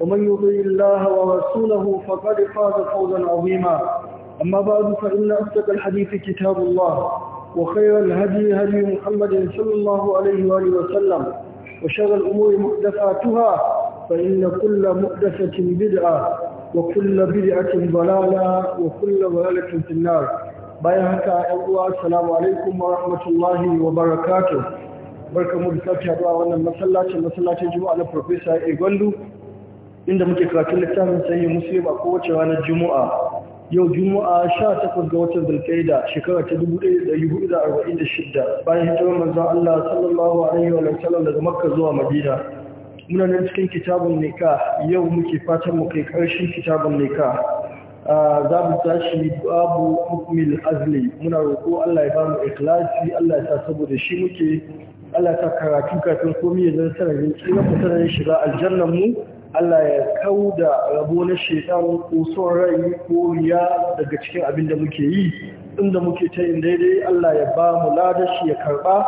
ومن يطيع الله ورسوله فقد فاز فوزا عظيما أما بعد فإن أصدق الحديث كتاب الله وخير الهدي هدي محمد صلى الله عليه وآله وسلم وشر الأمور محدثاتها فإن كل محدثة بدعة وكل بدعة ضلالة وكل ضلالة في النار بايعك أيها السلام عليكم ورحمة الله وبركاته barkamu da sake haɗuwa wannan masallacin masallacin juma'a na Profesa Egwandu inda muke karatun littafin sayi muslim a kowace ranar juma'a yau juma'a 18 ga watan zulkaida shekara ta 1446 bayan hijirar manzon Allah sallallahu alaihi wa sallam daga makka zuwa madina muna nan cikin kitabun nika yau muke fatan mu kai karshen kitabun nika za mu tashi babu hukmil azli muna roƙo Allah ya ba mu ikhlasi Allah ya sa saboda shi muke Allah ya sa karatu kafin komai ya zama sanadin tsira mu sanadin shiga aljannan mu Allah ya kau da rabo na shekaru ko son rai ko riya daga cikin abin da muke yi inda muke ta yin daidai Allah ya ba mu ladashi ya karba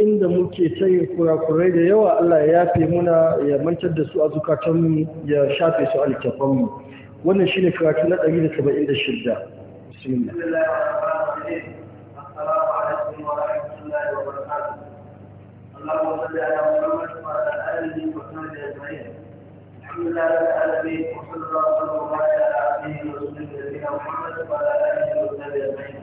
inda muke ta yin kurakurai da yawa Allah ya yafe muna ya mantar da su a zukatanmu ya shafe su a littafanmu wannan shi ne karatu na 176 bismillah اللهم صل على محمد وعلى اله وصحبه اجمعين إلا النبي صلى الله عليه وسلم نبينا محمد وعلى آله وصحبه أجمعين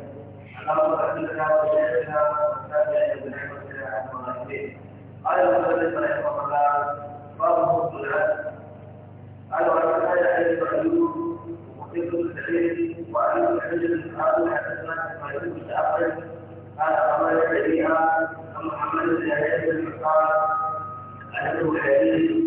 اللهم أجلنا وشيخنا ومتابعنا بنعمتك على المغيبين قال المؤلف رحمه الله باب فضل العبد قال وعن هذا حديث أيوب وقيل الحديث وعن الحجر قالوا حدثنا إسماعيل بن جعفر قال أخبرنا سريعا محمد بن عيسى بن قال أنه حديث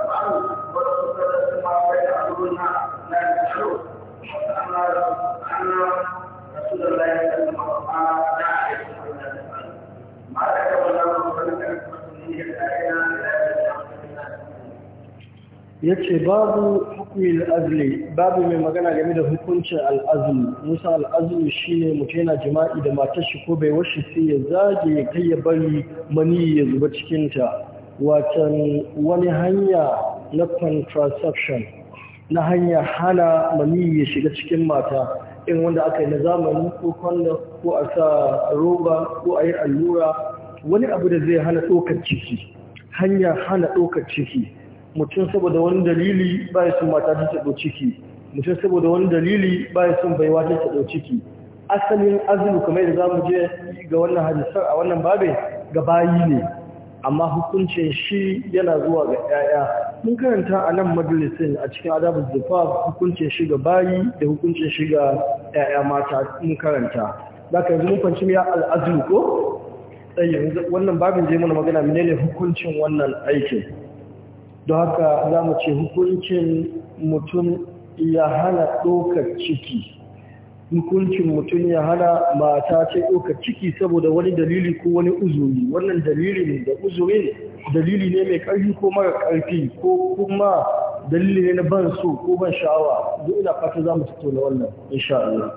yace babu hukumin azli babu mai magana game da hukuncin al'azumi musa shi ne mutum yana jima'i da matar shi ko bai washe sai ya zage ya kai ya bari mani ya zuba cikinta watan wani hanya na contraception na hanya hana mani ya shiga cikin mata in wanda aka yi na zamani ko kwallon ko a sa roba ko a yi allura wani abu da zai hana ɗaukar ciki hanya hana ɗaukar ciki mutum saboda wani dalili ba ya sun mata ta ɗau ciki mutum saboda wani dalili ba ya sun baiwa ta ɗau ciki asalin azumi kamar da za mu je ga wannan hadisar a wannan babe ga bayi ne amma hukuncin shi yana zuwa ga 'ya'ya mun karanta a nan majalisin a cikin adabul zufaf hukuncin shi ga bayi da hukuncin shi ga 'ya'ya mata mun karanta zaka yanzu mun ya al'azlu ko tsaye wannan babin je mana magana menene hukuncin wannan aikin don haka za mu ce hukuncin mutum ya hana ɗaukar ciki hukuncin mutum ya hana mata ce ɗauka ciki saboda wani dalili ko wani uzuri wannan dalilin da uzurin dalili ne mai ƙarfi ko mara ƙarfi ko kuma dalili ne na ban so ko ban sha'awa duk ina fata za mu na wannan insha Allah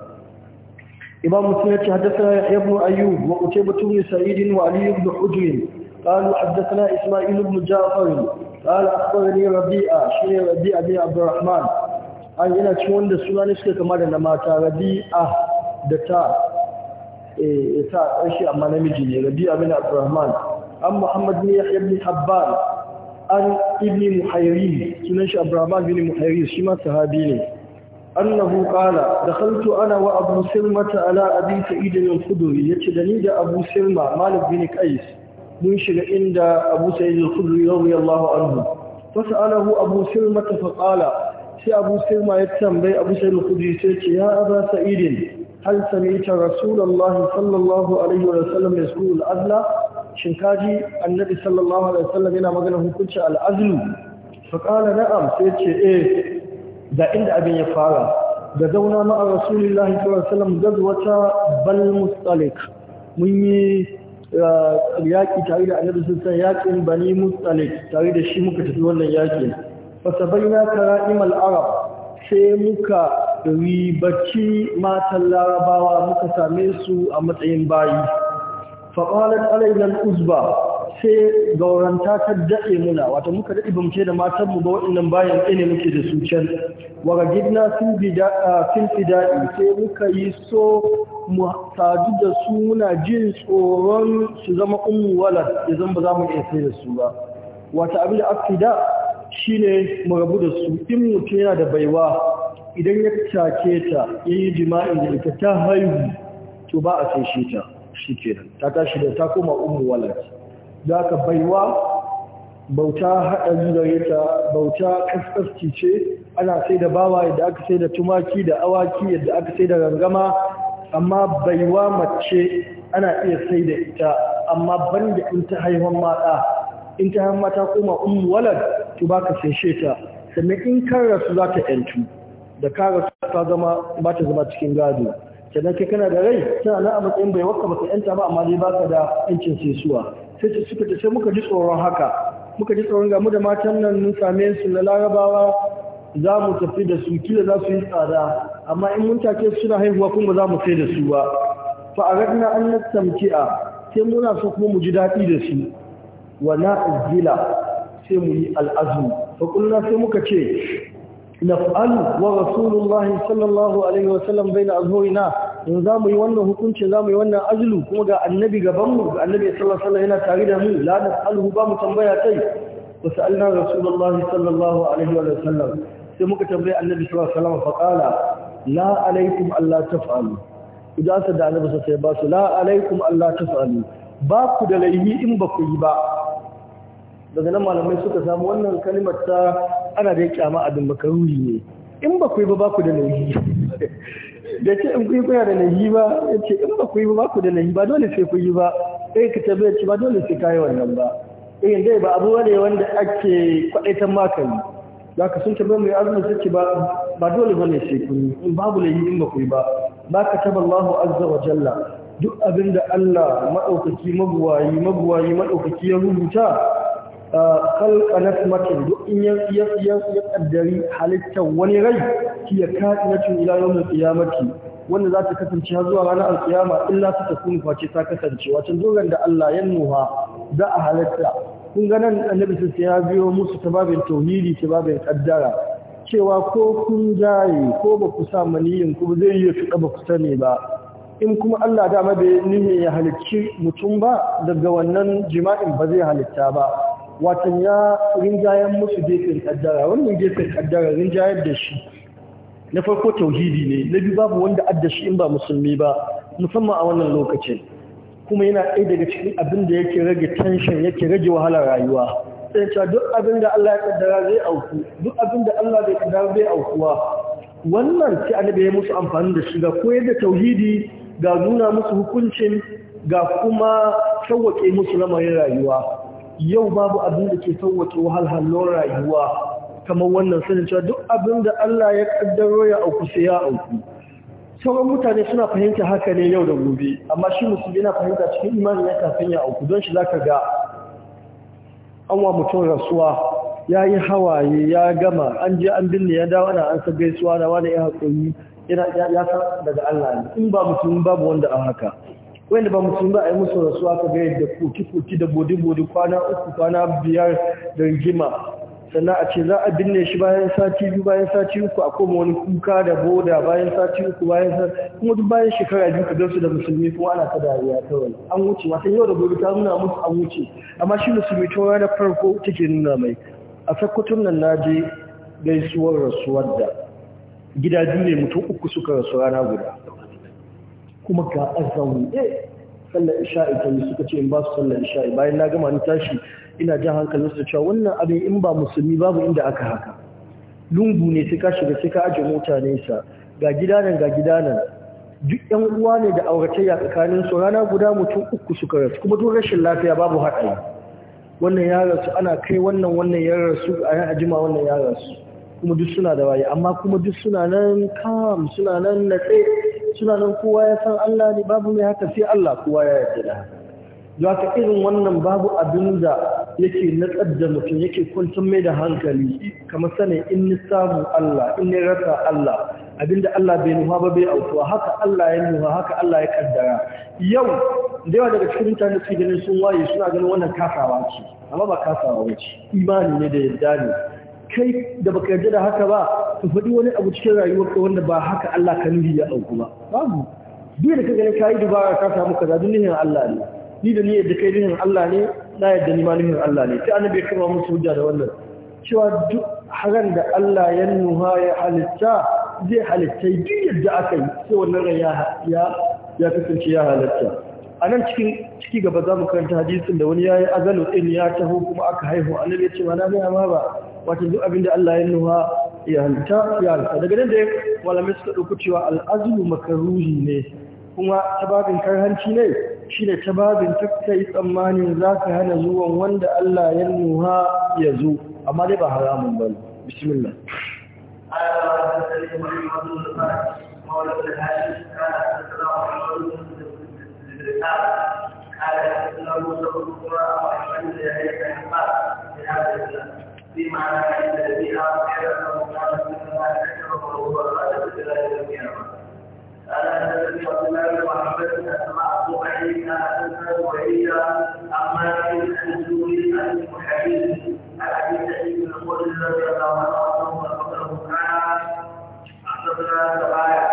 imam ya ce haddathana ibn ayyub wa qutayba ibn sa'id wa ali ibn hujr قالوا حدثنا إسماعيل بن جعفر قال أخبرني ربيعة شيخ rabi'a بن عبد an yana cikin wanda suna ne kama da na mata rabi'a da ta e ta ƙarshe amma namiji ne rabi'a bin abdurrahman an muhammad bin yahya bin habban an ibni muhayri sunan shi abdurrahman bin muhayri shi ma sahabi ne annahu qala dakhaltu ana wa abu silma ala abi sa'id al-khudri yace da ni da abu silma malik bin qais mun shiga inda abu sa'id al-khudri radiyallahu anhu fas'alahu abu silma fa qala sai abu sirma ya tambayi abu sa'id al-khudri sai ce ya aba sa'idin hal ita Rasulallah sallallahu alaihi wa sallam yasqul al-azla shin kaji annabi sallallahu alaihi wa sallam yana magana hukunci al Su fa qala na'am sai ce eh da inda abin ya fara da zauna ma'a rasulullahi sallallahu alaihi wa sallam wata bal mustalik mun yi eh, yaƙi tare da annabi sun san yaƙin bani mustalik tare da shi muka tafi wannan yaƙin fasabaina kara'imal arab sai muka ribaci matan larabawa muka same su a matsayin bayi faƙalar alainan uzba sai gauranta ta daɗe muna wata muka daɗe ba muke da matanmu ba waɗannan bayan ɗane muke da su can wara gidna sun fi daɗi sai muka yi so mu sadu da su muna jin tsoron su zama ummu walad idan ba za mu iya sai da su ba wata abin da afida shine mu rabu da su in mutum yana da baiwa idan ya take ta yi jima'i da ita ta haihu to ba a sai shi ta shi nan ta tashi da ta koma ummu za zaka baiwa bauta haɗa gare ta bauta kaskasci ce ana sai da bawa yadda aka sai da tumaki da awaki yadda aka sai da rangama amma baiwa mace ana iya sai da ita amma da in ta haihuwan mata in ta hama ta koma umu walad to baka sai ta sannan in kan rasu za ta yantu da ka ta zama ba ta zama cikin gado sannan kai kana da rai tana nan a matsayin bai wakka ba ka yanta ba amma dai baka da yancin sesuwa sai su suka ce sai muka ji tsoron haka muka ji tsoron ga mu da matan nan mun same su na larabawa za mu tafi da su kila za su yi tsada amma in mun take suna haihuwa kuma za mu sai da su ba fa aradna an nastamti'a sai muna so kuma mu ji daɗi da su wa na na'zila sai mu yi al'azmi fa kullna sai muka ce naf'alu wa rasulullahi sallallahu alaihi wa sallam baina azhurina in za mu yi wannan hukuncin za mu yi wannan azlu kuma ga annabi gaban mu annabi sallallahu alaihi yana tare da mu la naf'alu ba mu tambaya kai wa sa'alna rasulullahi sallallahu alaihi wa sallam sai muka tambaye annabi sallallahu alaihi wa sallam fa qala la alaikum alla taf'alu idan sa da annabi sai ba su la alaikum alla taf'alu ba ku da laifi in ba ku yi ba daga nan malamai suka samu wannan kalimar ta ana da kyama abin makaruhi ne in ba ku yi ba baku ku da laifi da ce in ku kuna da laifi ba ya ce in ba ku yi ba baku ku da laifi ba dole sai ku yi ba ɗaya ka tabbata ce ba dole sai ka yi wannan ba irin dai ba abu ne wanda ake kwaɗaitan makani za ka sun tabbata mai azumin sai ce ba dole ba ne sai ku yi in babu laifi in ba ku yi ba ba ka taɓa Allahu azza wa jalla duk abin da Allah maɗaukaki mabuwayi mabuwayi maɗaukaki ya rubuta kalka na smakin duk in ya kaddari halittar wani rai ki ya kaɗi na cin ilayen kiyamaki wanda za ta kasance har zuwa ranar alkiyama illa ta tafi face ta kasance wacin dogon da Allah ya nuha za a halitta kun ga nan annabi sun ya biyo musu ta babin tauhidi ta babin kaddara cewa ko kun jaye ko ba ku sa maniyin ku zai yi fiɗa ba ku sani ba in kuma Allah da ma bai nihin ya halicci mutum ba daga wannan jima'in ba zai halitta ba Watan ya rinjayen musu gefen kaddara wannan gefen kaddara rinjayar da shi na farko tauhidi ne na biyu babu wanda adda shi in ba musulmi ba musamman a wannan lokacin kuma yana ɗaya daga cikin abin da yake rage tension yake rage wahalar rayuwa sai cewa duk abin da Allah ya kaddara zai auku duk abin da Allah bai kaddara zai aukuwa wannan sai annabi ya musu amfani da shi ga koyar da tauhidi ga nuna musu hukuncin ga kuma sauwaƙe musu lamarin rayuwa yau babu abin da ke sauwake wahalhalun rayuwa kamar wannan sanin cewa duk abin da Allah ya kaddaro ya auku sai ya auku sauran mutane suna fahimta haka ne yau da gobe amma shi musulmi yana fahimta cikin imani ya kafin ya auku don shi za ka ga an wa mutum rasuwa ya yi hawaye ya gama an je an binne ya dawo ana an gaisuwa da wani ya haƙoyi ya san daga Allah ne in ba mutum babu wanda an haka wanda ba musulmi ba a yi musu rasuwa ka ga da koki-koki da bodi-bodi kwana uku kwana biyar da rigima sannan a ce za a binne shi bayan sati biyu bayan sati uku a koma wani kuka da boda bayan sati uku bayan sati kuma duk bayan shekara biyu ka gansu da musulmi kuma ana ta dariya kawai an wuce wasan yau da gobe ta nuna musu an wuce amma shi musulmi ta ranar farko take nuna mai a sakkwatun nan na je gaisuwar rasuwar da gida biyu ne mutum uku suka rasu rana guda kuma ga azauni eh, sallar isha'i ta yi suka ce in ba su sallar isha'i bayan na gama ni tashi ina jan hankalin su cewa wannan abin in ba musulmi babu inda aka haka lungu ne sai ka shiga sai ka aje mota nesa ga gida ga gida duk yan uwa ne da auratayya tsakanin su rana guda mutum uku suka rasu kuma duk rashin lafiya babu haɗari wannan ya rasu ana kai wannan wannan ya rasu a yan ajima wannan ya rasu kuma duk suna da waye amma kuma duk suna nan kam suna nan tsaye suna nan kowa ya san Allah ne babu mai haka sai Allah kowa ya yarda da haka don haka irin wannan babu abin da yake natsar da mutum yake kwantar mai da hankali kamar sanin in ni samu Allah in ni rasa Allah abinda Allah bai nufa ba bai aukuwa haka Allah ya nufa haka Allah ya kaddara yau da yawa daga cikin mutane su ganin sun waye suna ganin wannan kasawa ce amma ba kasawa ce imani ne da yadda ne kai da baka yarda da haka ba ka faɗi wani abu cikin ka wanda ba haka Allah ka nuhi ya auku ba babu Duk da ka gani ka yi dubara ka samu kaza duk nihin Allah ne ni da ni yadda kai nihin Allah ne na yadda ni ma nihin Allah ne ta annabi kama musu hujja da wannan cewa duk haran da Allah ya nuha ya halitta zai halitta duk yadda aka yi sai wannan rai ya kasance ya halitta a nan cikin ciki gaba za mu karanta hadisin da wani ya yi azalu ɗin ya taho kuma aka haihu annabi ya ce ma na ma ba wata duk abinda Allah ya nuha ya halitta ya halitta daga nan da malamai suka ɗauki cewa al'azulu makaruri ne kuma tababin karhanci ne shi ne tababin takkai tsammanin za ka hana zuwan wanda Allah ya nuha ya zo amma dai ba haramun ba bismillah قال ابن ابو بكر وعمر بن ابي في هذا الاسلام فيما لا يدري بها غير انه كان منها كثر فهو غالب الى يوم القيامه الا تدري عبد الله بن محمد اسماء صبحي كانت تذهب وهي اما من الزهري عن المحيي عن ابي سعيد بن الخدري الله عنه انه قتله كان اعتقد سبعه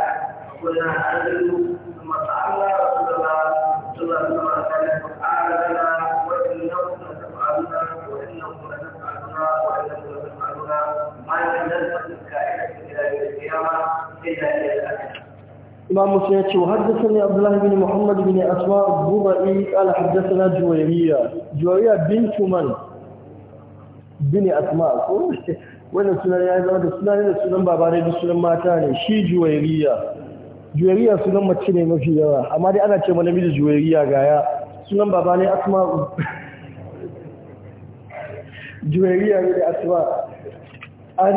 إمام مسلم يتشي وحدثني عبد الله muhammad محمد asma أسماء الضبعي قال حدثنا جويرية bin tuman من؟ asma أسماء wannan sunan ya zama da sunan da sunan babare da sunan mata ne shi juwairiya juwairiya sunan mace ne mafi yawa amma dai ana ce ma namiji juwairiya gaya sunan baba ne asma juwairiya ne da asma an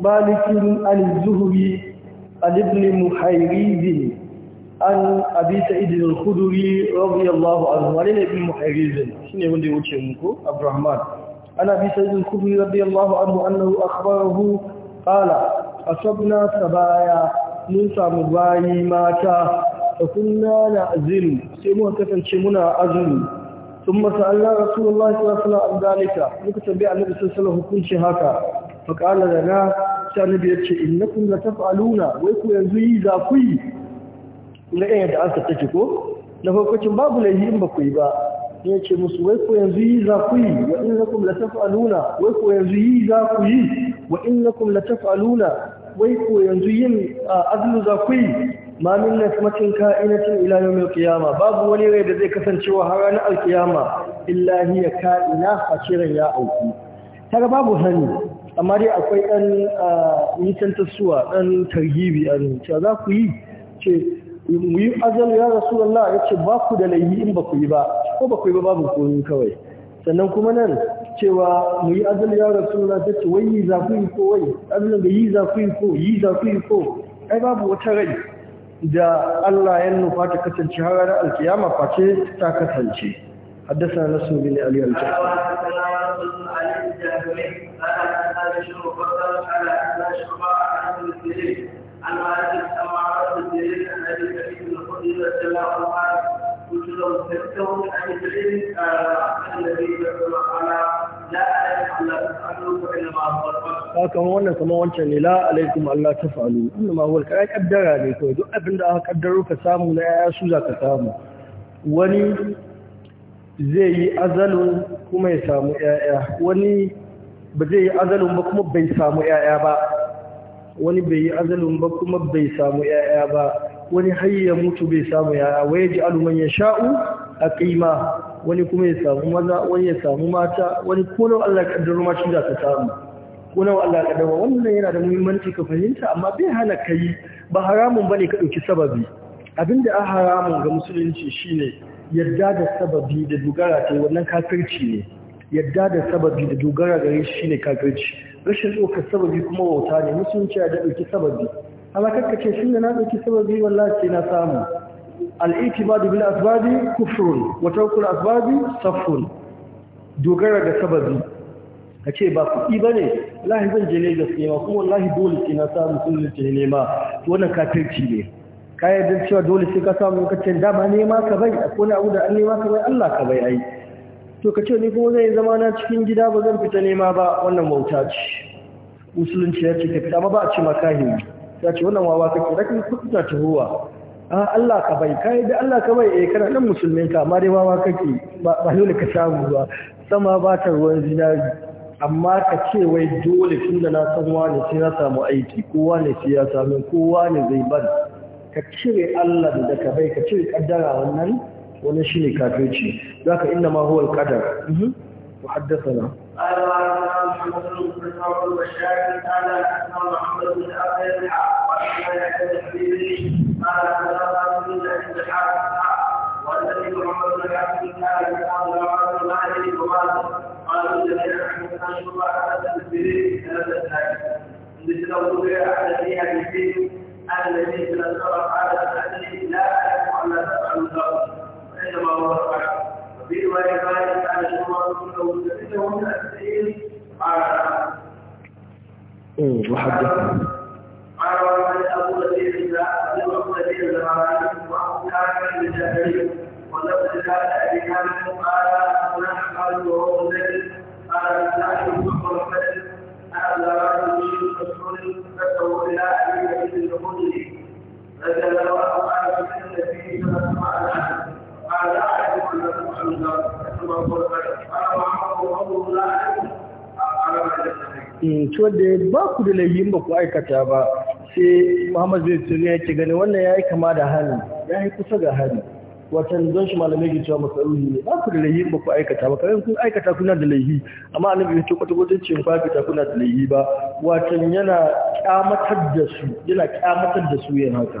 malikin an zuhuri عن ابن محيريز عن أبي سعيد الخدري رضي الله عنه وعليه ابن محيريز شنو وندي وجه منكو عبد الرحمن عن أبي سعيد الخدري رضي الله عنه أنه أخبره قال أصبنا سبايا ننسى مباي ماتا فكنا نعزل سيموها كفن شمنا عزل ثم سألنا رسول الله صلى الله عليه وسلم عن ذلك نكتب عن النبي صلى الله عليه وسلم كل شهاكا فقال لنا sai nabi ya ce innakum la taf'aluna wai ku yanzu yi za ku yi na ɗaya da aka take ko na farkocin babu laifi in ba ku yi ba ya ce musu wai ku yanzu yi za ku yi wa innakum la taf'aluna wai ku yanzu yi za ku yi wa innakum la taf'aluna wai ku yanzu yin azlu za ku yi ma min nasmatin ka'inatin ila yawmil qiyamah babu wani rai da zai kasancewa har ranar alkiyama illa ya ka'ina fasiran ya auku kaga babu sani. amma dai akwai ɗan nisan tasuwa ɗan targibi a cewa za ku yi ce mu yi ajal ya Allah ya ce ba ku da layi in ba ku yi ba ko ba ku yi ba babu komi kawai sannan kuma nan cewa mu yi ajal ya rasu rasulallah ta ce wai yi za ku yi ko wai ajalin da yi za ku yi ko yi za ku yi ko ai babu wata rai da Allah ya nufa ta kasance har ranar alkiyama face ta kasance haddasa nasu bin ali al-jahmi kamar wannan kamar wancan ne la'alaikum Allah ta fa’alu inda ma walka ya kaddara ne kawai duk abin da aka kaddaro ka samu na yaya su za ka samu wani zai yi azalu kuma ya samu yaya wani ba zai yi azalin ba kuma bai samu ‘ya'ya ba wani bai yi azalin ba kuma bai samu ‘ya'ya ba wani hayya mutu bai samu ‘ya'ya ya ji aluman ya sha'u a ƙima wani kuma ya samu maza wani ya samu mata wani kunan Allah ƙaddar ma shi za ka samu kunan Allah ƙaddar ma wannan yana da muhimmanci ka fahimta amma bai hana ka yi ba haramun ba ne ka ɗauki sababi Abin da a haramun ga musulunci shine yadda da sababi da dogara ta yi wannan kafirci ne yadda da sababi da dogara gare shi shine kafirci rashin tsoka sababi kuma wauta ne musulunci ya dauki sababi amma kakka ce shi ne na dauki sababi wallahi sai na samu al-i'tibadu bil asbabi kufrun wa tarkul asbabi safrun dogara da sababi ka ce ba kuɗi ba ne lahi zan je Legas nema kuma wallahi dole sai na samu sun ne nema wannan kafirci ne ka yarda cewa dole sai ka samu lokacin dama nema ka bai akwai abu da an nema ka bai Allah ka bai ai to ka ce ni kuma zai zama na cikin gida ba zan fita nema ba wannan wauta ce musulunci ya ce ka fita ma ba a ce makahin ya ce wannan wawa kake kira kan kuɗa ta ruwa a Allah ka bai kai da Allah ka bai eh kana nan musulmin ka amma dai wawa kake ba ba dole ka samu ba sama ba ta ruwan zinari amma ka ce wai dole tunda na san wani sai na samu aiki kowa ne sai ya samu kowa ne zai ban ka cire Allah da ka bai ka cire kaddara wannan wannan shine kafirci zaka inna ma huwa al وحدثنا قال محمد بن بن عبد عبد بن بن عبد الذي الله أحد وفي رواية ذلك كان الشمال كله سبته من السعير على وحدثنا قال ومن أبو لبيع الله أبو لبيع زمانه وأبو كامل لجهله ولقد كان أبي كامل قال أنا قال وهو الذي قال لا يصح محمد أنا إلى أبي بكر الخدري فجعل الله تعالى في Hmm, to da ba ku da layin ba ku aikata ba sai Muhammad zai tsiri yake gani wannan ya yi kama da hali ya yi kusa ga hali watan zan shi malamai ke cewa matsaloli ne ba ku da layin ba ku aikata ba kawai kun aikata kuna da layi amma annabi ya ce kwata kwata ce ba kuna da layi ba watan yana kyamatar da su yana kyamatar da su yin haka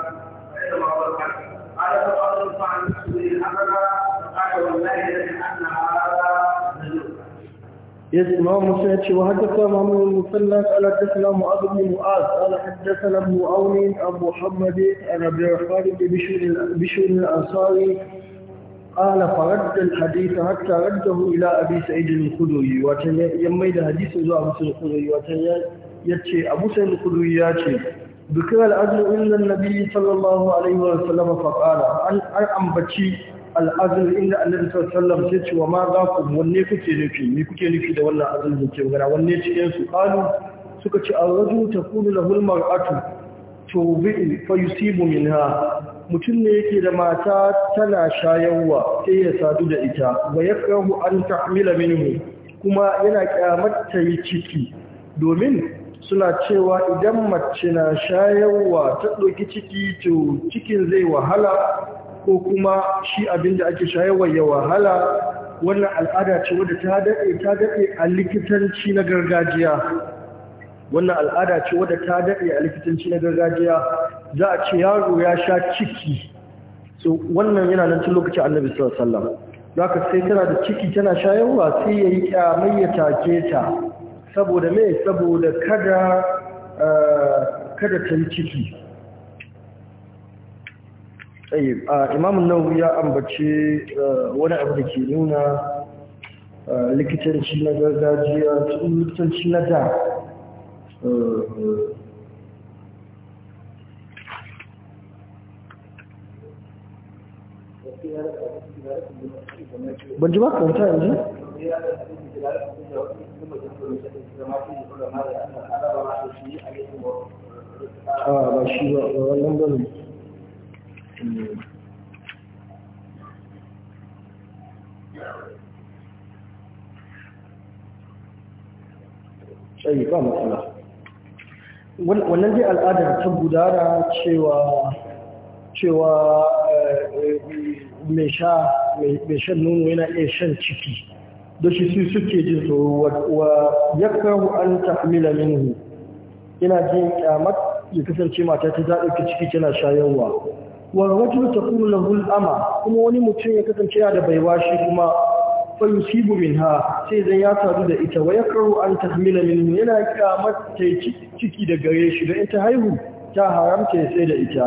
يسمع مسعد وحدث محمد بن المثنى قال حدثنا معاذ بن معاذ قال حدثنا ابن عون ابو محمد عن ابي خالد بشر الانصاري قال فرد الحديث حتى رده الى ابي سعيد الخدري وتن يميد حديثه زوا ابو سعيد الخدري وتن يتشي ابو سعيد الخدري ياتي ذكر الأجل إلا النبي صلى الله عليه وسلم فقال أن أنبتي الأجل إلا النبي صلى الله عليه وسلم سيتي وما ذاكم واني كتي نفي مي كتي نفي ده ولا أجل نكي وغيرا واني تينسو قالوا سكتي الرجل تقول له المرأة توبئ فيصيب منها mutum ne yake da mata tana shayarwa sai ya sadu da ita wa ya an ta'amila minhu kuma yana kyamar ta yi ciki domin suna cewa idan mace na shayarwa ta ɗauki ciki to cikin zai wahala ko kuma shi abinda ake shayarwa ya wahala wannan al'ada ce wadda ta daɗe ta daɗe a likitanci na gargajiya wannan al'ada ce wadda ta daɗe a likitanci na gargajiya za a ce yaro ya sha ciki so wannan yana nan tun lokacin annabi sallallahu alaihi wasallam zaka sai tana da ciki tana shayarwa sai yayi kyamayya take ta saboda me saboda kada eh, kada ta yi ciki imamun nawawi ya ambace eh, wani abu da ke nuna eh, likitanci na gargajiya likitanci na da ban ji ba kanta yanzu ba wannan dai al'adar ta gudana cewa cewa eh, eh, mai shan nono yana iya shan ciki da shi su suke jin tsoro wa yakrahu an tahmila minhu ina jin kyamar ya kasance mata ta zaɗauki ciki tana shayarwa wa ta ta lahu al-ama kuma wani mutum ya kasance ya da baiwa shi kuma fa yusibu minha sai zan ya sadu da ita wa yakrahu an tahmila minhu yana kyamar ta ciki da gare shi da ita haihu ta haramta ya sai da ita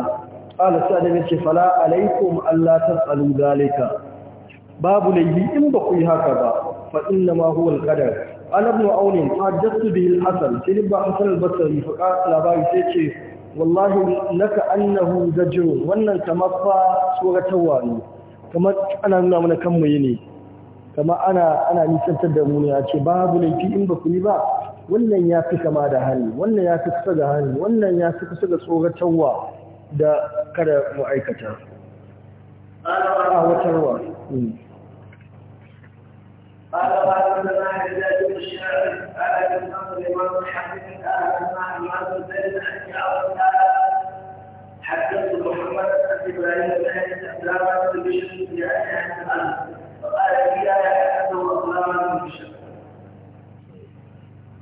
qala sa'ad yace fala alaikum Allah tasalu dalika babu laifi in ba ku yi haka ba فإنما هو القدر أنا ابن عون حدثت به الحسن سيدنا حسن البصري فقال أبي سيتي والله لك أنه زجر وأن كما سورة واني كما أنا نuna mana kan mu ne kama ana ana nisantar da mu ne a ce babu laifi in ba ku yi ba wannan ya fi kama da hali wannan ya fi kusa da hali wannan ya fi kusa da tsoratarwa da kada mu aikata a قال وحدثنا حجاج بن الشاعر قال ابن نصر امام حدثني اهل مع المعبد بن حدثت محمد بن ابراهيم بن حيث اسلام بن بشر بن عن الارض فقال لي لا يحدثه اسلام بن بشر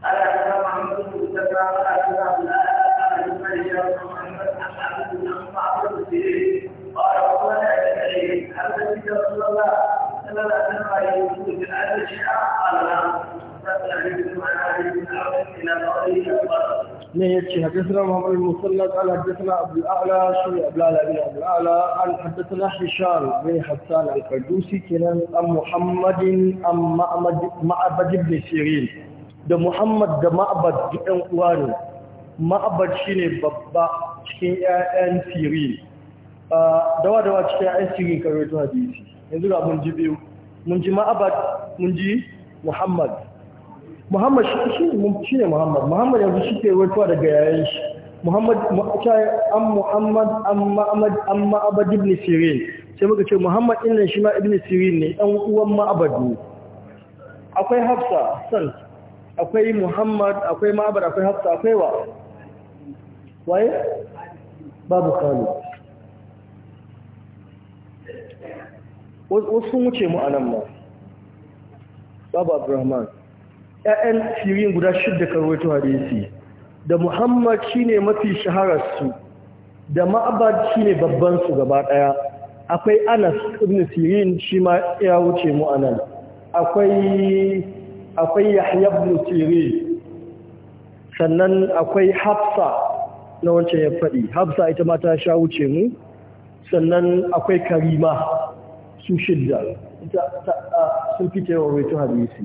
قال حدثنا محمد بن سكران قال حدثنا عبد الاعلى قال حدثنا هشام بن محمد عن عبد بن عمر عبد بن قال وقال لي هل تجد رسول الله ne yace hadathana Muhammad bin Musallad al hadathana Abu al-A'la shi Abu al-A'la bin Abu ala an hadathana Hisham bin Hassan al-Qardusi kenan an Muhammadin am Ma'bad Ma'bad ibn da Muhammad da Ma'bad ɗan uwa ne Ma'bad shine babba cikin ƴaƴan Sirin dawa dawa cikin hadisi yanzu ga mun ji biyu mun ji ma'abad mun ji muhammad muhammad shi ne muhammad muhammad yanzu shi ke wartuwa daga yayin shi muhammad ma'akai an muhammad an ma'amad an ma'abad ibn sirin sai muka ce muhammad ɗin nan shi ma ibn sirin ne ɗan uwan ma'abad ne akwai hafsa san akwai muhammad akwai ma'abad akwai hafsa akwai wa waye babu khalid wasu sun wuce mu a nan ma babu abdurrahman ‘ya'yan sirin guda shidda karwato hadisi da muhammad shi ne mafi shahararsu da ma'abad babban su gaba ɗaya akwai anas ibn sirin shi ma ya wuce mu a nan akwai yahya ibn sirin sannan akwai hafsa na wancan ya faɗi hafsa ita ma ta sha wuce mu sannan akwai karima Sun shidda sun fi taiwarwaito hadisi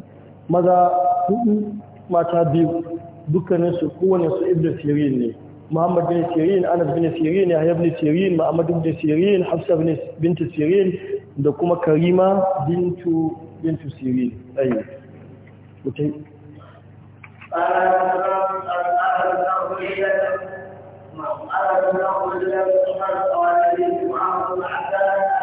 maza hudu mata biyu dukkaninsu su ibn sirin ne muhammad bin sirin anas bin sirin yahya bin sirin ma'amadu bin sirin hafsa bintu sirin da kuma karima bintu bintu sirin ayi kutai قال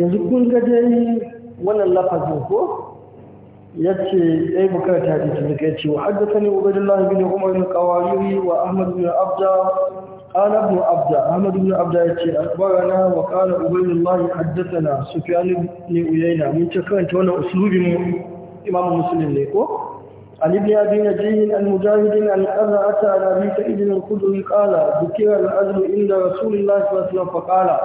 yanzu kun ka jayi wannan lafazin ko yace ai eh, bukar ta ji tun kai ce wa haddathani ubaydullah bin umar al-qawawi wa ahmad bin abda qala ibn abda ahmad bin abda yace wa qala ubaydullah haddathana sufyan bin uyayna mun ce kan ta wannan usulubi imam muslim ne ko ali bin abi najih al-mujahid al-qadha ata ala bi ibn al-qudri qala dukira al inda rasulullah sallallahu alaihi wasallam faqala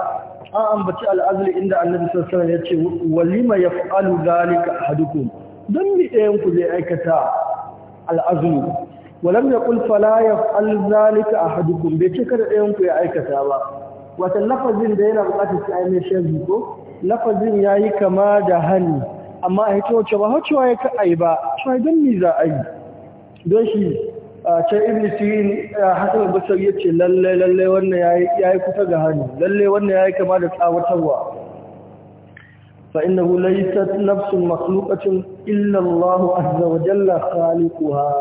a'am inda annabi sallallahu alaihi wasallam yace walima yaf'alu dhalika ahadukum don mi ɗayan ku zai aikata al'azumi walam ya ƙulfa la ya alzalika a hadukun bai ce kada ɗayan ku ya aikata ba wata lafazin da yana buƙatar sai mai shan ko lafazin ya yi kama da hannu amma a hito wacce ba hacewa ya ka ai ba cewa don mi za a yi don shi can su yi hasar basar ya ce lalle lalle wannan ya yi kusa ga hannu lallai wannan ya yi kama da tsawatarwa فإنه ليست نفس مخلوقة إلا الله عز وجل خالقها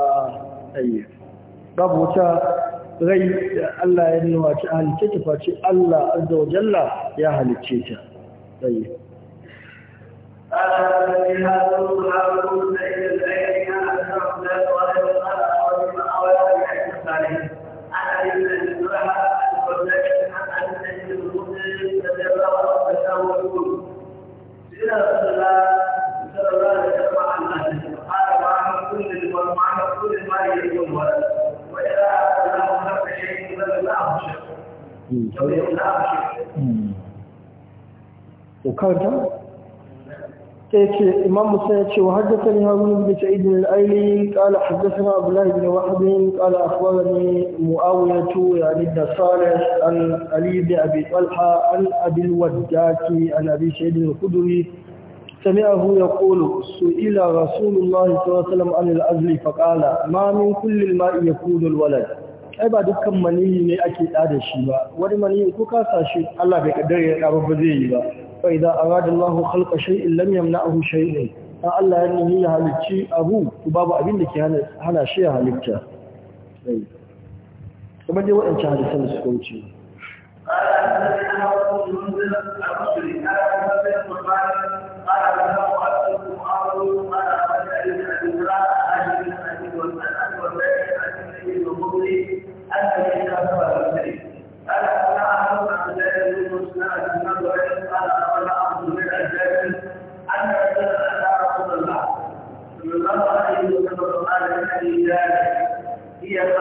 أيها babu wata rai da Allah ya nuna ta halice ta face Allah azza jalla ya halice ta sai ala ilaha illallah wa la ilaha illallah وكرر تيتي إمام مسيتي وحدثني هارون بن سعيد الأيلي قال حدثنا عبد الله بن وهب قال أخبرني معاوية يعني بن صالح عن علي بن أبي طلحة عن أبي الوداك عن أبي سعيد الخدري سمعه يقول سئل رسول الله صلى الله عليه وسلم عن الأزل فقال ما من كل الماء يكون الولد ai ba dukkan maniyi ne ake da shi ba wani maniyin ko kasa shi Allah bai kaddare ya ba zai yi ba فإذا أراد الله خلق شيء لم يمنعه شيء Allah ya nemi ya halicci abu babu abin da ke hana shi ya halitta kuma dai waɗancan halittar da suka wuce Thank you.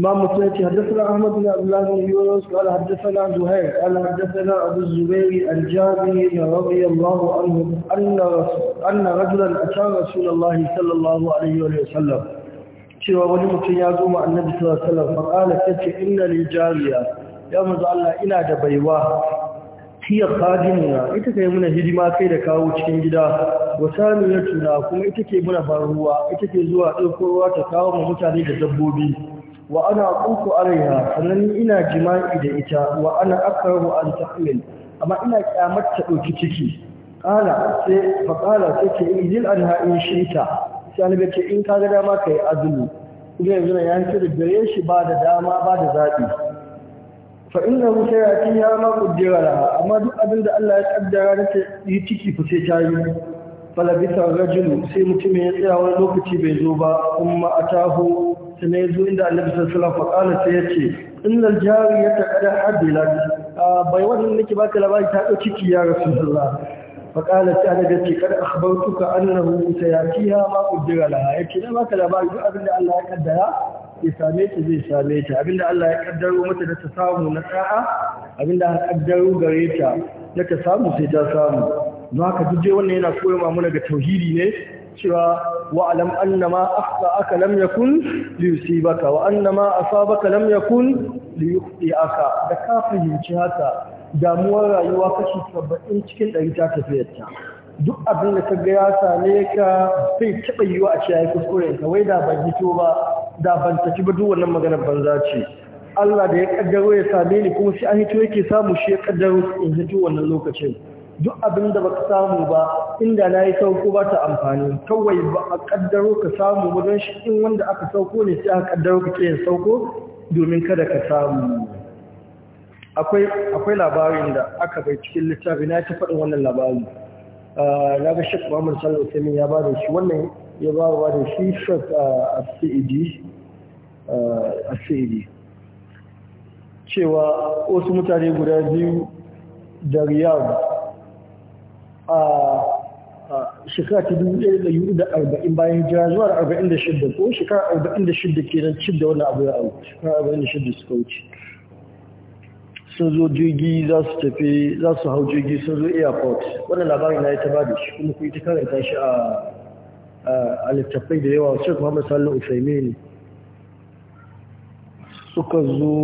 إمام مسلم حدثنا أحمد بن عبد الله بن يونس قال حدثنا زهير قال حدثنا أبو الزبير الجابري رضي الله عنه أن رسول أن رجلا أتى رسول الله صلى الله عليه وسلم cewa wani mutum ya zo ma annabi sallallahu alaihi wasallam faqala kace inna li jariya ya manzo Allah ina da baiwa hiya khadimuna ita kai muna hidima kai da kawo cikin gida wa tuna kuma ita ke muna ban ruwa ita ke zuwa dauko ruwa ta kawo mu mutane da dabbobi wa ana qutu alaiha sannan ina jima'i da ita wa ana akrahu an tahmil amma ina kyamar ta dauki ciki kala sai fa qala sai ce idil anha in shita sai annabi ce in kaga dama kai azumi kuma yanzu ya hanci da gare shi ba da dama ba da zabi fa inna musayatiha ma qaddara laha amma duk abin da Allah ya kaddara da ta yi ciki fa sai ta yi falabisa rajulu sai mutum ya tsaya wani lokaci bai zo ba kuma atahu tana ya zo inda annabi sallallahu alaihi wasallam sai ya ce innal jariyata qad hadilat ah, bai wannan nake baka labari ta dauki ki ya rasulullah faƙalar ta daga ce kar akhbartuka annahu sayatiha ma qaddara laha yace na baka labari duk abin da Allah ya kaddara ya same ta zai same ta abin da Allah ya kaddaro mata da ta samu na sa'a abin da ya kaddaro gare ta da ta samu sai ta samu don haka duk wanda wannan yana koyarwa mu ga tauhidi ne cewa wa'alam annama aka lam yakun liyusibaka wa annama asabaka lam yakun liyukhtiaka da ka fahimci haka damuwar rayuwa kashi 70 cikin ɗari ta tafiyarta duk abin da kaga ya same ka bai taba yiwa a cikin kuskuren ka wai da ban hito ba da ban tafi ba duk wannan maganar banza ce Allah da ya kaddaro ya same ni kuma sai an hito yake samu shi ya kaddaro in hito wannan lokacin duk abin da baka samu ba inda na yi sauko ba ta amfani kawai ba a kaddaro ka samu wajen shi in wanda aka sauko ne sai aka kaddaro ka ce sauko domin kada ka samu akwai labarin da aka bai cikin littafi na ta faɗin wannan labari ah, na ga shek muhammad sallallahu alaihi ya bada shi wannan ya ba wa da shi shek a cid cewa wasu mutane guda biyu da riyadu shekara ta dubu ɗaya da yuɗu da arba'in bayan jira zuwa da arba'in da shidda ko shekara arba'in da shidda ke nan cin da wani abu ya auku shekara arba'in da shidda suka wuce sun zo jirgi za su tafi za su hau jirgi sun zo airport wannan labarin na ya taba da shi kuma ku yi ta karanta shi a littattafai da yawa shek muhammad sallu usaimi ne suka zo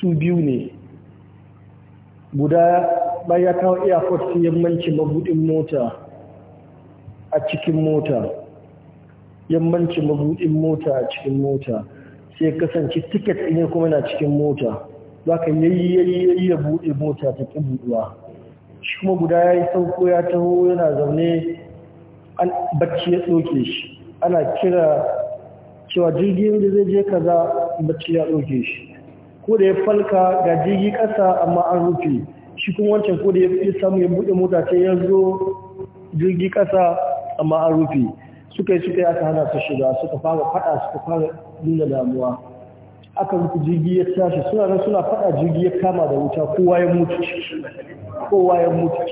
su biyu ne guda bai ya kawo airport sai yammanci mabudin mota a cikin mota yammanci mabudin mota a cikin mota sai kasance ticket ne kuma na cikin mota za ka yayi yayi yayi ya bude mota ta ƙi buɗuwa shi kuma guda ya yi sauko ya taho yana zaune bacci ya tsoke shi ana kira cewa jirgin da zai je kaza bacci ya tsoke shi ko da ya falka ga jirgin ƙasa amma an rufe shi kuma wancan ko da ya samu ya buɗe mota ta ya zo jirgi ƙasa amma an rufe suka yi suka yi aka hana su shiga suka fara faɗa suka fara nuna damuwa aka rufe jirgi ya tashi suna nan suna faɗa jirgi ya kama da wuta kowa ya mutu kowa ya mutu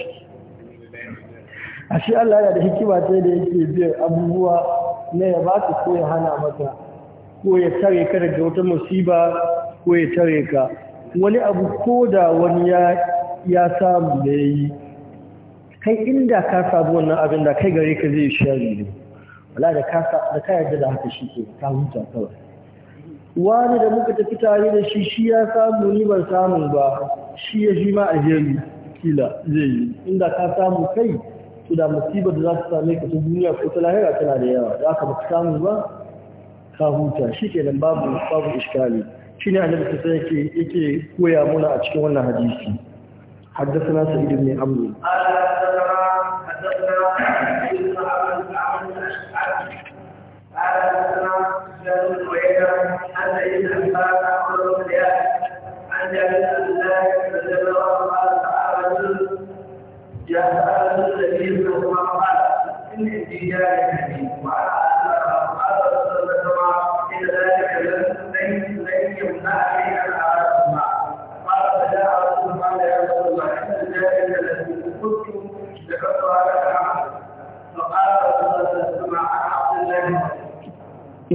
a shi Allah yana da hikima ta da yake biyar abubuwa na ya ba ka ko ya hana mata ko ya tare ka daga wata musiba ko ya tare ka wani abu ko da wani ya ya samu da yi. kai inda ka sabu wannan abin da kai gare ka zai shari ne wala da ka da yarda da haka shi ke ka huta kawai wani da muka tafi tare da shi shi ya samu ni ban ba shi ya shi ma a alheri kila zai yi inda ka samu kai to da musibar da za ta same ka ta duniya ko ta lahira tana da yawa da aka baka samu ba ka huta shi ke nan babu babu iskali shi ne annabi sai yake yake koya muna a cikin wannan hadisi حدثنا سعيد بن عمرو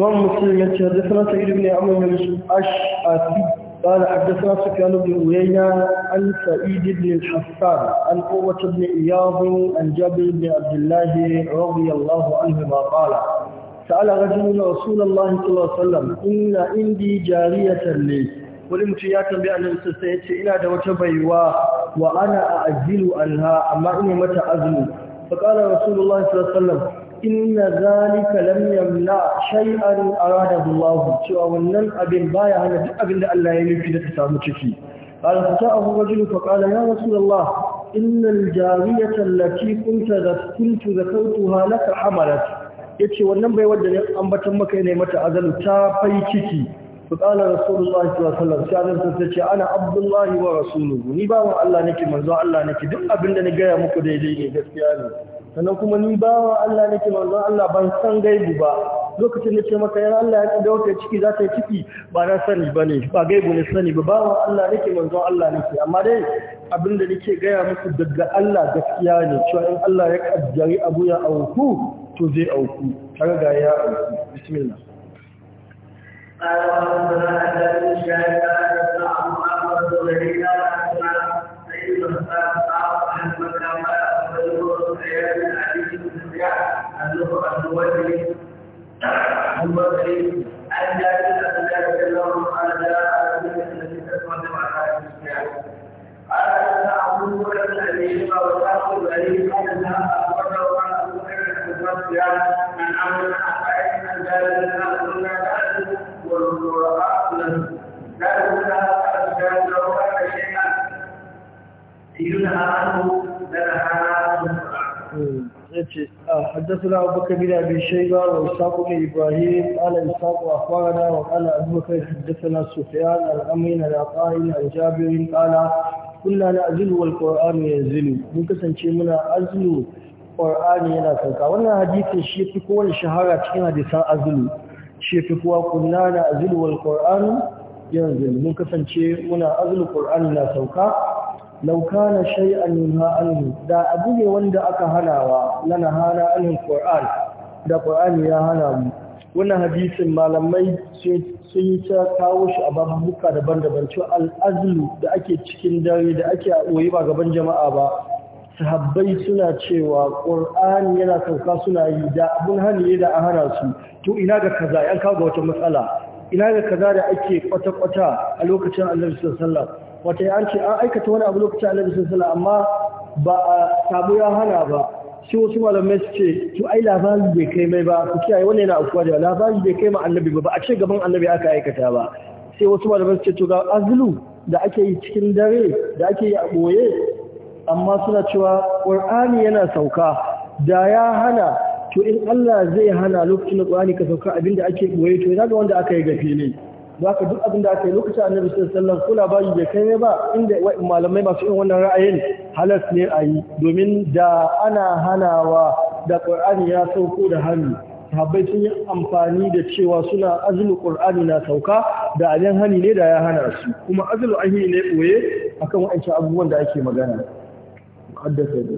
imam muslim ya ce da sanar ta iri ne amon ya rusu ash-ati ba da addasa su kyanu bin uyayya an sa'idi bin hassan an kowace bin iyahu an jabi bin abdullahi rabbi allahu an hu ba na rasulallah sallam ina indi jariya talle wani mutum ya tambaya nan sassa ya ce ina da wata baiwa Wa'ana a ajilu an ha amma ina mata azumi فقال رسول الله صلى inna zalika lam yamna shay'an aradahu Allah cewa wannan abin baya hana duk abin da Allah ya nufi da ta samu ciki قال فتاه رجل فقال يا رسول الله إن الجارية التي كنت كنت ذكرتها لك حملت yace wannan bai wanda ne ambatar maka ne mata azalu ta fai ciki fa qala rasulullahi sallallahu alaihi wasallam sai annabi sai ce ana abdullahi wa rasuluhu ni bawa Allah nake manzo Allah nake duk abinda na gaya muku daidai ne gaskiya ne sannan kuma ni wa Allah nake manzon Allah ban san gaibu ba lokacin da maka yana Allah ya wata ciki za ta yi ciki ba na sani ba ne ba gaibu ne sani ba wa Allah nake manzon Allah nake amma dai abin da nake gaya muku daga Allah gaskiya ne cewa in Allah ya kaddari abu ya auku to zai auku har ga ya auku bismillah قال والوجه والوجه أن لا تتأذى لهم أعداء الدنيا التي تسمى على الإسلام قال تعبد الأمير وتأخذ عليه أنها أخبره عن أبوك عن عمل أحد أن ذلك أمرنا ذلك والقراء له ذلك أبدان لو كان شيئا ينهى عنه يتي حدثنا أبو بكر a أبي شيبة وإسحاق بن إبراهيم قال إسحاق أخبرنا وقال أبو بكر حدثنا سفيان الأمين العطائي عن جابر قال كنا نأزل والقرآن ينزل ممكن تنشي منا أزل Qur'ani yana sauka wannan hadisin shi fi shahara cikin hadisan azulu shi fi kuwa kunna na azulu al qur'an yanzu mun kasance muna azulu qur'ani na sauka law kana shay'an minha anhu da abu ne wanda aka hanawa lana hana anil qur'an da qur'ani ya hana mu wannan hadisin malamai sun yi ta kawo shi a babuka daban-daban cewa al'azlu da ake cikin dare da ake a ba gaban jama'a ba sahabbai suna cewa ƙur'ani yana sauka suna yi da abin hannu da an hana su to ina ga kaza yan kawo wata matsala ina ga kaza da ake kwata-kwata a lokacin annabi sallallahu wata an ce an aikata wani abu lokacin annabi sallallahu amma ba a samu ya hana ba shi wasu malamai su ce to ai labari bai kai mai ba ku kiyaye wannan yana afuwa da labari bai kai ma annabi ba ba a ce gaban annabi aka aikata ba sai wasu malamai su ce to ga azlu da ake yi cikin dare da ake yi a boye amma suna cewa qur'ani yana sauka da ya hana to in Allah zai hana lokacin da qur'ani ka sauka abinda ake boye to yana ga wanda aka yi gafi ne da ka duk abin da aka yi lokacin annabi sallallahu kula labari bai kai ne ba inda malamai masu yin wannan ra'ayin halas ne a yi domin da ana hanawa da qur'ani ya sauko da hannu sahabbai sun yi amfani da cewa suna azlu qur'ani na sauka da abin hani ne da ya hana su kuma azlu ahi ne boye akan wa'ancan abubuwan da ake magana muqaddasa da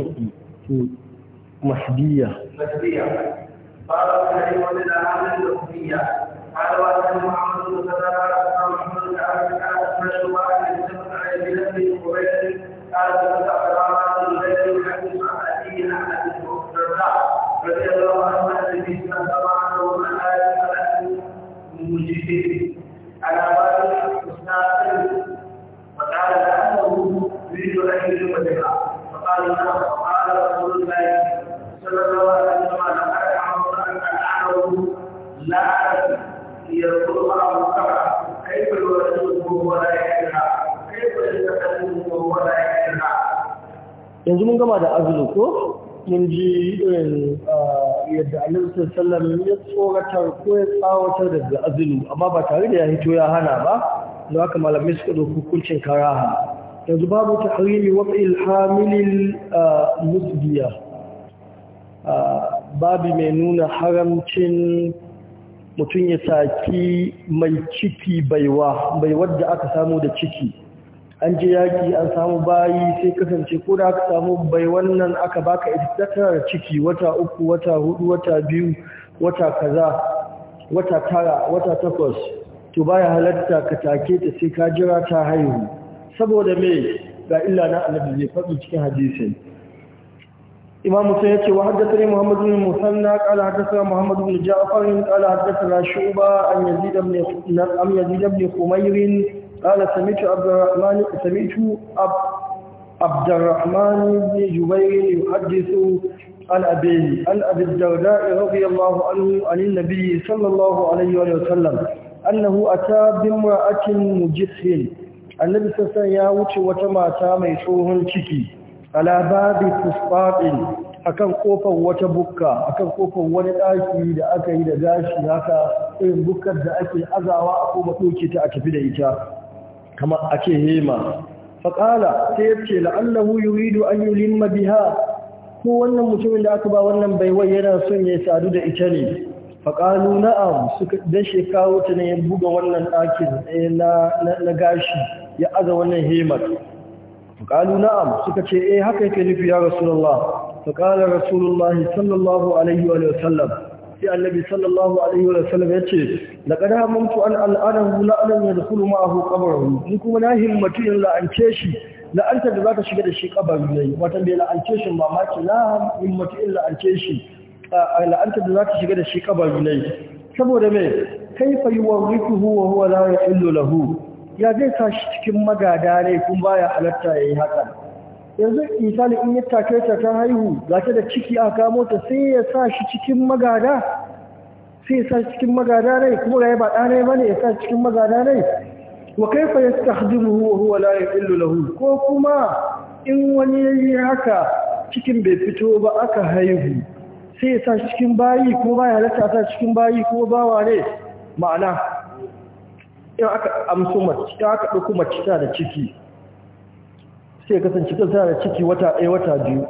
ɗin ki mahdiya قال وعن علي بن عامر الكوفية قال وعن محمد بن سلمة saba da azulu ko mun ji irin ah, yadda annabi sallar ya tsoratar ko ya tsawatar daga azulu amma ba tare da ya hito ya hana ba da haka malamai suka ɗauki hukuncin karaha yanzu babu harini wata ilhamilin ah, musbiya ah, babu mai nuna haramcin mutum ya saki mai ciki baiwa baiwar da aka samu da ciki an je yaƙi an samu bayi sai kasance ko da aka samu bai wannan aka baka ita ciki wata uku wata hudu wata biyu wata kaza wata tara wata takwas to baya halatta ka take ta sai ka jira ta haihu saboda me ga illa na annabi zai faɗi cikin hadisin إمام مسلم يقول wa محمد بن المثنى قال حدثنا محمد بن جعفر قال حدثنا شعبة عن يزيد بن عن Yazid بن خمير قال سمعت عبد الرحمن سمعت عبد الرحمن بن جبير يحدث عن أبي عن أبي الدرداء رضي الله عنه عن النبي صلى الله عليه وسلم أنه أتى بامرأة مجسر النبي صلى الله عليه وسلم وتماتا ميسوه ciki على باب فسطاط akan kofar wata bukka akan kofar wani daki da aka yi da gashi haka irin bukkar da ake azawa a koma doke ta a tafi da ita kamar ake hema faƙala sai ya ce la'allahu yuridu an yulimma biha ko wannan mutumin da aka ba wannan baiwai yana son ya sadu da ita ne faƙalu na'am suka dan shekawo ta ne ya buga wannan ɗakin eh, na gashi ya aza wannan hemar faƙalu na'am suka ce eh haka yake nufi ya rasulullah faƙalar rasulullah sallallahu alaihi wa sallam sai annabi sallallahu alaihi wa sallam ya ce da laqad hamamtu an al'anahu la'anan yadkhulu ma'ahu qabrahu ni kuma na himmatu in la'ance shi la'anta da zaka shiga da shi kabari ne wata bai la'ance shi ba ma la himmatu in la'ance shi la'anta da zaka shiga da shi kabari ne saboda me kaifa yuwarrithuhu wa huwa la yahillu lahu ya zai sa shi cikin magada ne kun baya halatta yayi hakan. yanzu misali in yi take ta ta haihu ga ta da ciki a kamo ta sai ya sa shi cikin magada sai ya sa shi cikin magada rai kuma ga ya ba ɗane ba ne ya sa shi cikin magada rai wa kai fa ya tahdimu huwa huwa la yahillu lahu ko kuma in wani yayi haka cikin bai fito ba aka haihu sai ya sa shi cikin bayi ko ba ya halatta sa cikin bayi ko wa ne ma'ana in aka amsu mace ta aka ɗauko mace ta da ciki sai kasance kan tana da ciki wata ɗaya wata biyu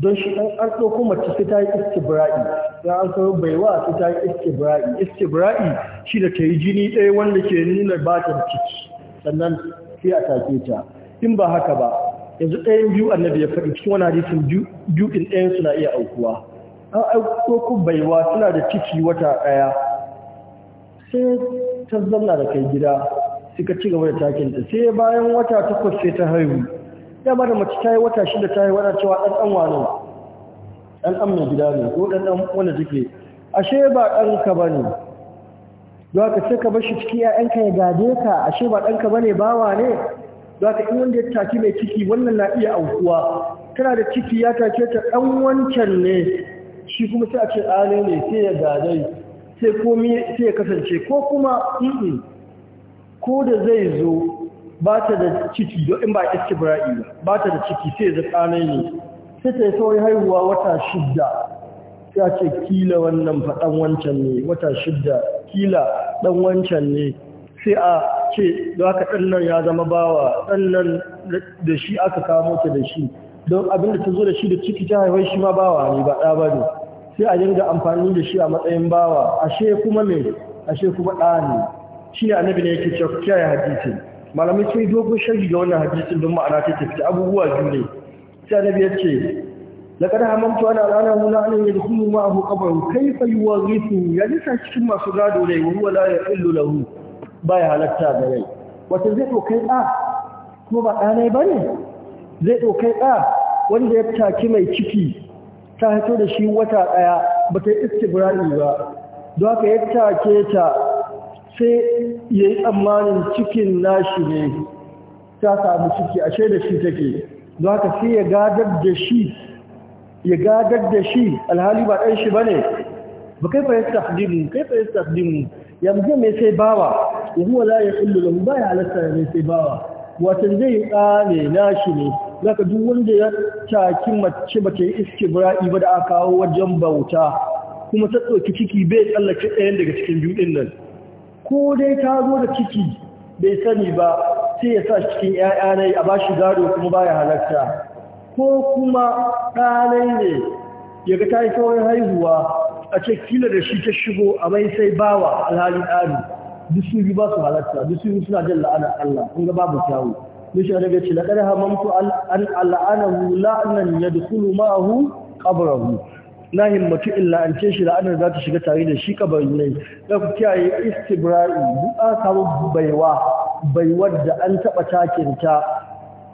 don shi ɗan an ɗauko mace sai ta yi istibra'i ya an kawo baiwa sai ta yi istibra'i istibra'i shi da ta yi jini ɗaya wanda ke nuna ba ciki sannan sai a take ta in ba haka ba yanzu ɗayan biyu annabi ya faɗi cikin wani hadisin biyu ɗin ɗayan suna iya aukuwa an ɗauko baiwa suna da ciki wata ɗaya sai ta zanna da kai gida suka ci gaba da takinta sai bayan wata takwas sai ta haihu dama da mace ta yi wata shida ta yi wata cewa ɗan ɗan wani ɗan ɗan mai gida ne ko ɗan ɗan wanda take ashe ba ɗanka ba ne don haka sai ka bashi ciki ‘ya'yanka ya gade ka ashe ba ɗanka ba ne bawa ne don haka in wanda ya taki mai ciki wannan na iya aukuwa tana da ciki ya take ta ɗan wancan ne shi kuma sai a ce ɗane ne sai ya gadai sai komi sai ya kasance ko kuma ko da zai zo ba ta da ciki don in ba istibra'i ba ba ta da ciki sai da tsanai ne sai ta yi saurin haihuwa wata shidda a ce kila wannan faɗan wancan ne wata shidda kila ɗan wancan ne sai a ce za ka ɗannan ya zama bawa ɗannan da shi aka kamo ta da shi don abin da ta zo da shi da ciki ta haifai shi ma bawa ne ba ɗa ba sai a dinga amfani da shi a matsayin bawa ashe kuma me ashe kuma ɗa ne shi ne annabi ne yake cewa kiyaye hadisin malamai sun yi dogon shari ga wannan hadisin don ma'ana ta tafi abubuwa biyu ne sai annabi ya ce laqad hamamtu ana alana hula a Kai ma'ahu yi wa yuwarithu ya nisa cikin masu gado ne wa huwa da yahillu lahu ya halatta da rai wata zai dokai ɗa kuma ba ɗana ba ne zai dokai ɗa wanda ya taki mai ciki ta haito da shi wata ɗaya ba ta yi istibrani ba don haka ya take ta sai ya yi tsammanin cikin nashi ne ta samu ciki a da shi take don haka sai ya gadar da shi ya gadar da shi alhali ba ɗan shi ba ne ba kai fayar tafdimu kai fayar tafdimu yanzu mai sai bawa ya huwa za ya kullu da mu ba ya halatta mai sai bawa watan zai yi tsane, nashi ne za ka duk wanda ya taki mace ba ta yi iske bura'i ba da aka kawo wajen bauta kuma ta tsoki ciki bai tsallake ɗayan daga cikin biyu ɗin nan ko dai ta zo da ciki bai sani ba sai ya sa cikin 'ya'yanai a ba shi gado kuma ba ya halarta ko kuma ɗalai ne ya ga ta yi saurin haihuwa a ce kila da shi ta shigo a mai sai bawa alhalin ari duk yi ba su halarta duk yi suna jan la'anar Allah kun ga babu kyawu mishi a daga ce laƙar hamamtu an ya dukulu ma'ahu ƙabrahu Na himmatu illa an ce shi la'anar za ta shiga tare da shi kabarin ne da ku kiyaye istibra'i du'a samu baiwa baiwar da an taba takinta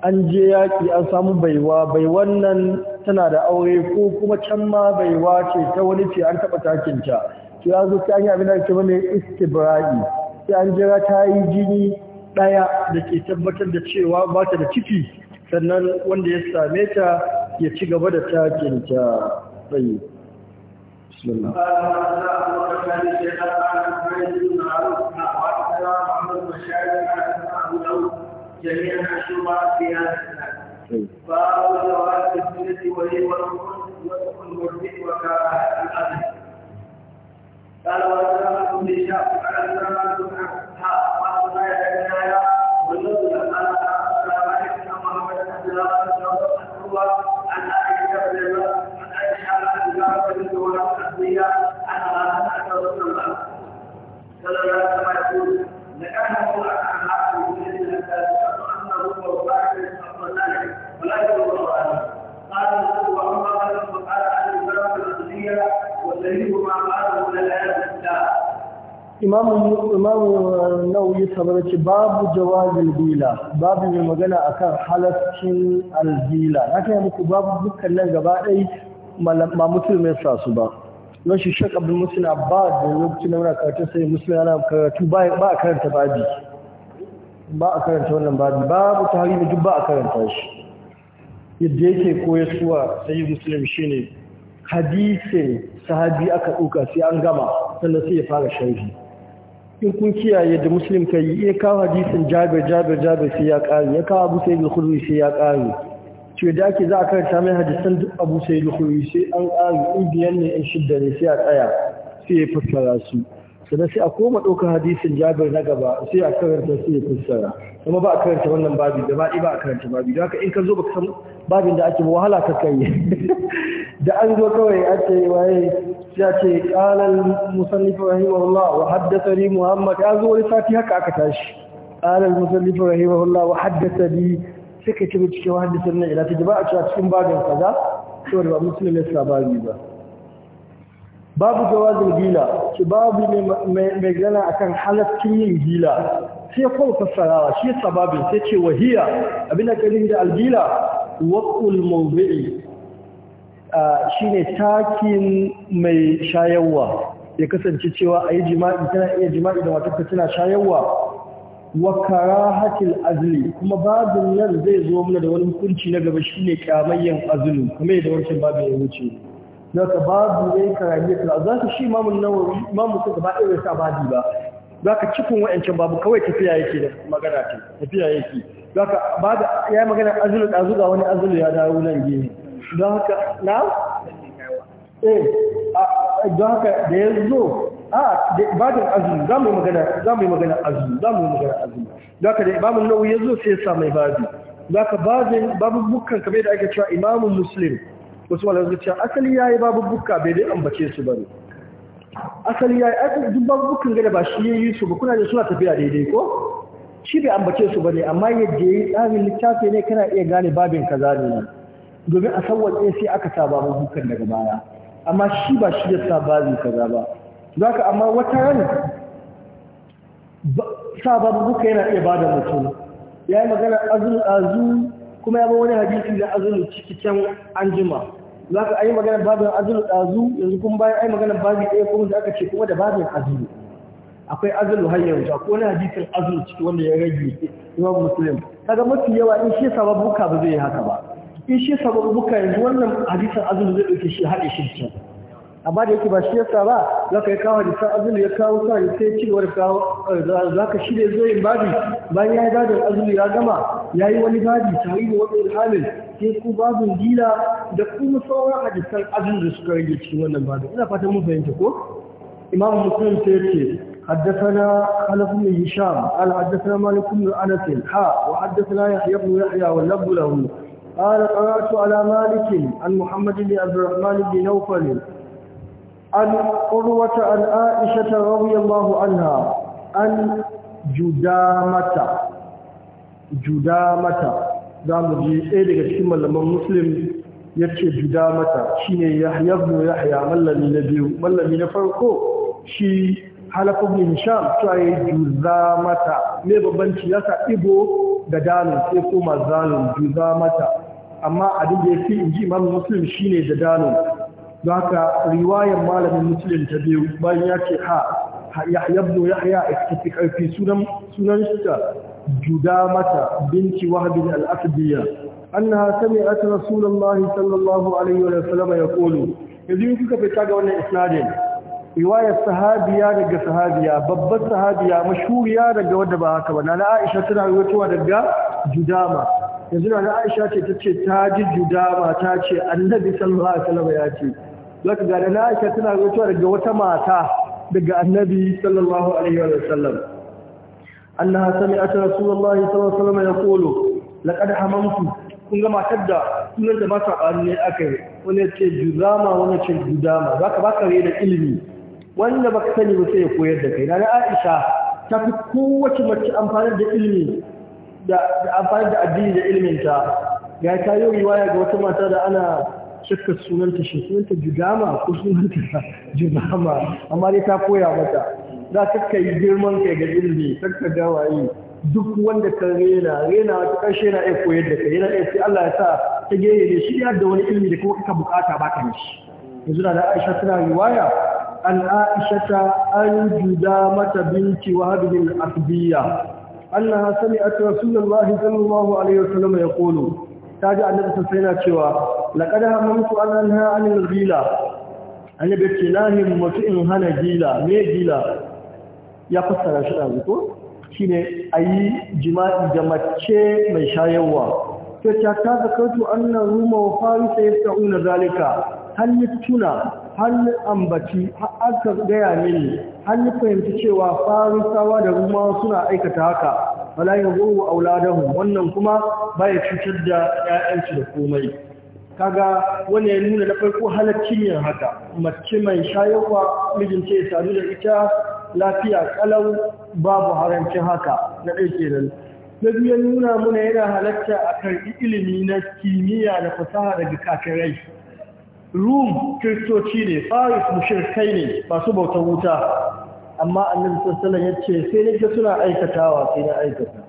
an je yaki an samu baiwa bai wannan tana da aure ko kuma can ma baiwa ce ta wani ce an taba takinta to ya zo sai an yi abin da ke bane istibra'i sai an jira ta yi jini ɗaya da ke tabbatar da cewa ba ta da ciki sannan wanda ya same ta ya ci gaba da takinta tsaye بسم الله جميعا شبهات في هذا الكلام باب جواز السنه وهي والمرجئ وكراهه الادب قال وسلام بن شاف قال سلام بن imamu imamu uh, nawawi ce babu jawabin bila babu mai magana akan halaccin albila na kai muku babu dukkan nan gaba ɗai ma mutum mai sa su ba don shi shak abin musulun abba da lokacin da muna karatu sai musulun yana karatu ba a karanta babi ba a karanta wannan babi babu ta hari da duk ba a karanta shi yadda yake koyarwa sai yi musulun shine hadisin sahabi aka ɗuka sai an gama sannan sai ya fara sharhi in kun kiyaye da muslim kai iya kawo hadisin jabir jabir jabir sai ya ƙari ya kawo abu sai al sai ya ƙari ce da ake za a karanta mai hadisan duk abu sai al sai an ƙari in biyan ne in shidda ne sai a tsaya sai ya fassara su sannan sai a koma ɗaukar hadisin jabir na gaba sai a karanta sai ya fassara kuma ba a karanta wannan babi da ba ba a karanta babi da haka in ka zo ka san babin da ake wahala ka kai da an zo kawai a ce waye ya ce ƙalar musallifin rahimahullah wa haddasari muhammad ya zo wani sati haka aka tashi ƙalar musallifin rahimahullah wa haddasari suka ci cikin wa haddasari na ilata ji ba a cewa cikin babin kaza saboda ba musulun ya sabari ba babu jawazin gila ki babu ne mai gana akan halaccin yin gila sai kuma fassarawa shi sababin sai ce wahiya abinda kalin da albila waƙul shi ne takin mai shayarwa ya kasance cewa ayi jima'i tana iya jima'i da matarka tana shayarwa wa karahatil azli kuma babin nan zai zo mana da wani hukunci na gaba shi ne kyamayyan azlu kuma da wancan babin ya wuce zaka babu ya ne za su shi mamun nan nawawi mamun suka ba irin sa babi ba ka cikin wayancan babu kawai tafiya yake da magana ce tafiya yake zaka ba da ya yi magana azulu ɗazu ga wani azulu ya dawo nan gini don haka na? eh don haka da ya zo a babin azumi za mu yi magana za mu yi magana azulu za mu yi magana azulu za ka da imamun nau ya zo sai ya sa mai babi za ka babin babubbukan kamar da ake cewa imamun muslim wasu malar zuciya asali ya yi babubbuka bai dai ambace su ba ne asali ya yi duk bukkan gada ba shi ya yi su ba kuna da suna tafiya daidai ko shi bai ambace su bane amma yadda yi tsarin littafi ne kana iya gane babin kaza ne domin a sawwaje sai aka saba bukan daga baya amma shi ba shi ya sa babin kaza ba ka amma wata ran sa babu buka yana iya bada mutum ya yi magana azul azu kuma ya ba wani hadisi da azul ciki can anjima ka ayi magana babin azul azu yanzu kuma bayan ayi magana babin ɗaya kuma da aka ce kuma da babin azul akwai azlu har yanzu ko na hadisin azlu ciki wanda ya rage imam muslim kaga mafi yawa in shi sababuka ba zai yi haka ba in shi sababuka yanzu wannan hadisin azlu zai dauke shi hade shi amma da yake ba shi yasa ba za ka yi kawo hadisan azumi ya kawo sa ya sai ci gaba kawo eh, za ka shirya zoyin babi bayan ya yi dadin azumi ya gama ya yi wani babi tare da wani ilhamin sai ku babin dila da kuma sauran hadisan azumi da suka rage cikin wannan babin ina fatan mun fahimta ko imam muslim sai ce حدثنا خلف بن هشام قال حدثنا مالك بن انس حاء وحدثنا يحيى بن يحيى واللب له قال قرات على مالك عن محمد بن عبد الرحمن بن نوفل عن قروة عن عائشة رضي الله عنها عن جدامة جدامة دام جي ايه daga cikin malaman muslim yace judamata shine yahya ibn yahya mallami na biyu mallami na farko shi halakun bin sham cewa ya juza mata mai babbanci ya sa ibo da dalin sai kuma zalun juza mata amma abin da ya fi in ji imam muslim ne da dalin Za ka riwayan malamin muslim ta biyu bayan ya ce ha yahya ibn yahya iskafi karfi sunan sunan shi judamata binti wahab al-asdiya annaha sami'at rasulullahi sallallahu alaihi wa sallam yaqulu yanzu kuka fita ga wannan isnadin riwayar sahabiya daga sahabiya babban sahabiya mashuriya daga wadda ba haka ba na Aisha tana rawaitowa daga Judama yanzu na Aisha ce ta ce ta ji Judama ta ce Annabi sallallahu alaihi wasallam ya ce zaka ga na Aisha tana rawaitowa daga wata mata daga Annabi sallallahu alaihi wasallam annaha sami'at Rasulullahi sallallahu alaihi wasallam yaqulu laqad hamamtu kun ga matar da sunan da ba ta ne akai wani ce Judama wani ce Judama zaka baka da ilimi wanda baka sani ba sai ya koyar da kai daga Aisha ta fi kowace mace amfani da ilimi da amfani da addini da ilimin ta ga ta yi riwaya ga wata mata da ana shakka sunanta shi sunanta judama ko sunanta judama amma dai ta koya mata za ka kai girman kai ga ilimi kakka gawayi duk wanda ka rena rena wata ƙarshe na iya koyar da kai yana iya sai Allah ya sa ta gere ne shi ya da wani ilimi da kuma ka bukata baka da shi yanzu da Aisha tana riwaya an Aisha ta an juda mata binci wa hadin akbiya annaha sami'at rasulullahi sallallahu alaihi wasallam yaqulu taji annabi sai na cewa laqad hamantu an anha an al-ghila annabi ce nahi mutu in hana gila me gila ya fasara shi da ko shine ayi jima'i da mace mai shayarwa to ta ta zakatu anna ruma wa ta una zalika hal yatuna hannu ambaci aka gaya mini hannu fahimci cewa farisawa da rumawa suna aikata haka wala a auladahum wannan kuma baya cutar da 'ya'yansu da komai kaga wani ya nuna na farko halaccin yin haka mace mai shayarwa mijinta ya sadu da ita lafiya kalau babu haranci haka na ɗaya kenan na ya nuna muna yana halatta a karɓi ilimi na kimiyya da fasaha daga kakarai rum kiristoci ne faris mushirkai ne masu bautar wuta amma annabi tsantsalan ya ce sai ne ga suna aikatawa sai na aikata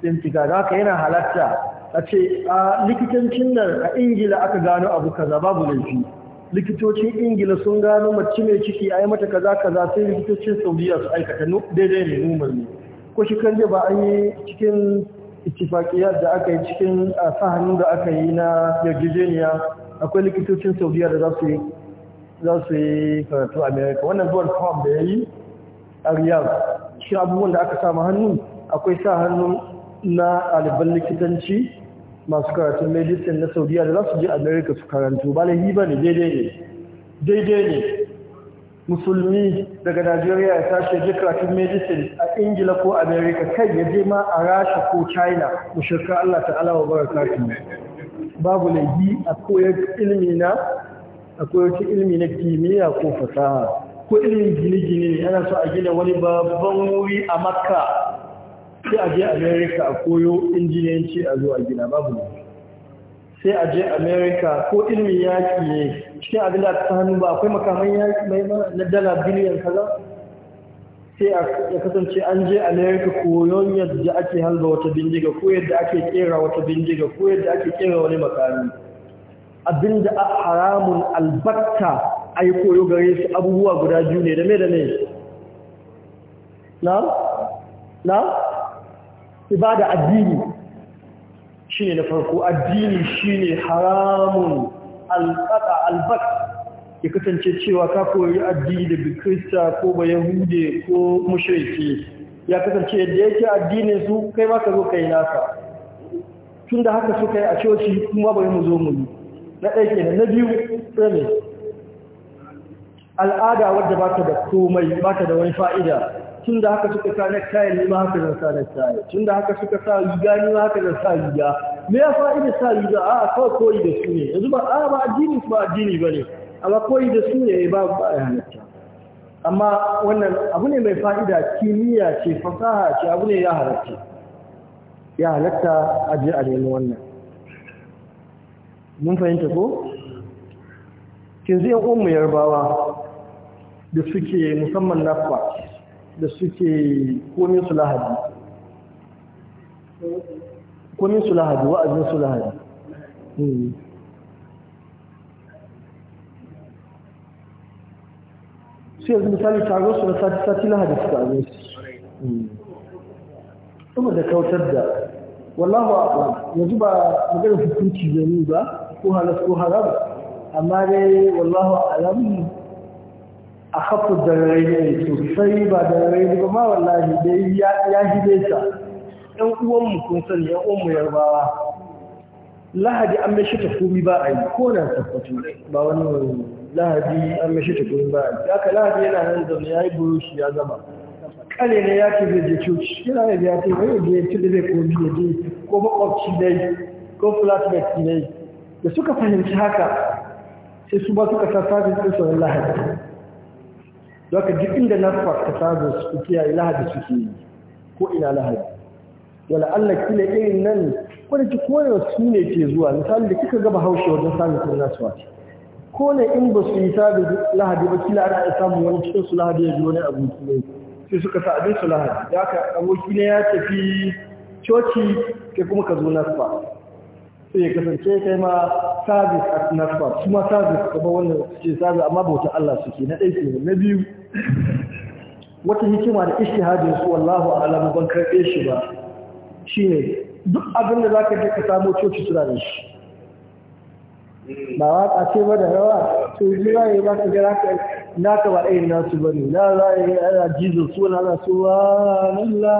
fita za ka yana halatta a ce a likitancin nan a ingila aka gano abu kaza babu laifi likitocin ingila sun gano mace mai ciki a yi mata kaza kaza sai likitocin saudiya su aikata daidai ne numar ne ko shi kan ba an yi cikin ittifaqiyar da aka yi cikin ah, sahanin da aka yi na yarjejeniya akwai likitocin saudiya da za su yi karatu america wannan zuwan trump da ya yi a riyadh shi abubuwan da aka samu hannu akwai sa hannu na ɗaliban likitanci masu karatun medicine na saudiya da za su je america su karantu ba laifi ba ne daidai ne daidai ne musulmi daga najeriya ya tashi ya je karatun medicine a ingila ko america kai ya je ma a rasha ko china Mu shirka allah ta'ala wa barakatun babu laifi a koyar ilmi na a koyar ilmi na kimiyya ko fasaha ko ilimin gine-gine ne ana so a gina wani babban wuri a makka sai a je america a koyo injiniyanci a zo a gina babu laifi sai a je america ko ilimin yaƙi ne cikin abin da ta hannu ba akwai makamai na dala biliyan kaza sai ya kasance an je Amerika koyon yadda ake halba wata bindiga ko yadda ake kera wata bindiga ko yadda ake kera wani makami abinda a haramun albatta a yi koyo gare su abubuwa guda biyu ne da mai da na? na? ibada addini shi ne na farko addini shi ne haramun albatta albatta ya kasance cewa ka koyi addini da bikirista, ko ba yahude ko mushriki ya kasance yadda yake addini su kai ma ka zo kai naka tun da haka suka yi a coci kuma bai mu zo mu yi na ɗaya kenan na biyu tsane al'ada wadda ba ta da komai ba ta da wani fa'ida tun da haka suka sa na kayan nima haka zan sa na kayan tun da haka suka sa riga nima haka zan sa riga me ya fa'ida sa riga a kawai koyi da su ne yanzu ba a ba addini ba addini ba ne amma koyi da su ne ba ba ya halatta amma wannan abu ne mai fa'ida kimiyya ce fasaha ce abu ne ya halatta ya halatta a a nemi wannan mun fahimta ko kinzi yan uwan mu yarbawa da suke musamman nafa da suke komin su lahadi komin su lahadi wa'azin su lahadi hmm. su yanzu misali taro su na sati-sati lahadi su ta abin su saboda kautar da wallahu a'lam yanzu ba magana hukunci ni ba ko halas ko haram amma dai wallahu a'lam a kafa da rai ne sosai ba da rai ba ma wallahi dai ya hide ta ɗan uwanmu kun sani ɗan uwanmu yarbawa lahadi an mai shi ta komi ba a yi ko na tabbatu ba wani wani lahadi an mashi ta gurin bayan da aka lahadi yana nan zaune ya yi burushi ya zama kare ne ya ce zai je coci yana da ya ce wani da ya ci da zai komi ya je ko makwabci dai ko flatmate ne da suka fahimci haka sai su ba suka sa sabis ɗin sauran lahadi don ka duk inda na ta sabis su kiyaye lahadi suke yi ko ina lahadi wala Allah kila irin nan ko da ki su ne ke zuwa misali da kika gaba haushe wajen samun kunna nasuwa ko ne in ba su yi sabi lahadi ba kila ana iya samun wani cikin su lahadi ya ji wani abinci ne sai suka sa abin su lahadi da aka aboki ne ya tafi coci kai kuma ka zo nasfa sai ya kasance kai ma sabi a nasfa su ma sabis su kaba wannan suke sabis amma bauta Allah suke na ɗaya ne, na biyu wata hikima da ishtihadin su wallahu alamu ban karɓe shi ba shine duk abin da ka je ka samu coci suna da shi ba waka ce ba da rawa to yi ba yi ba ka gara ka na ka ba ɗayin nasu ba ne na za a yi ana jizo su na za su wa lalla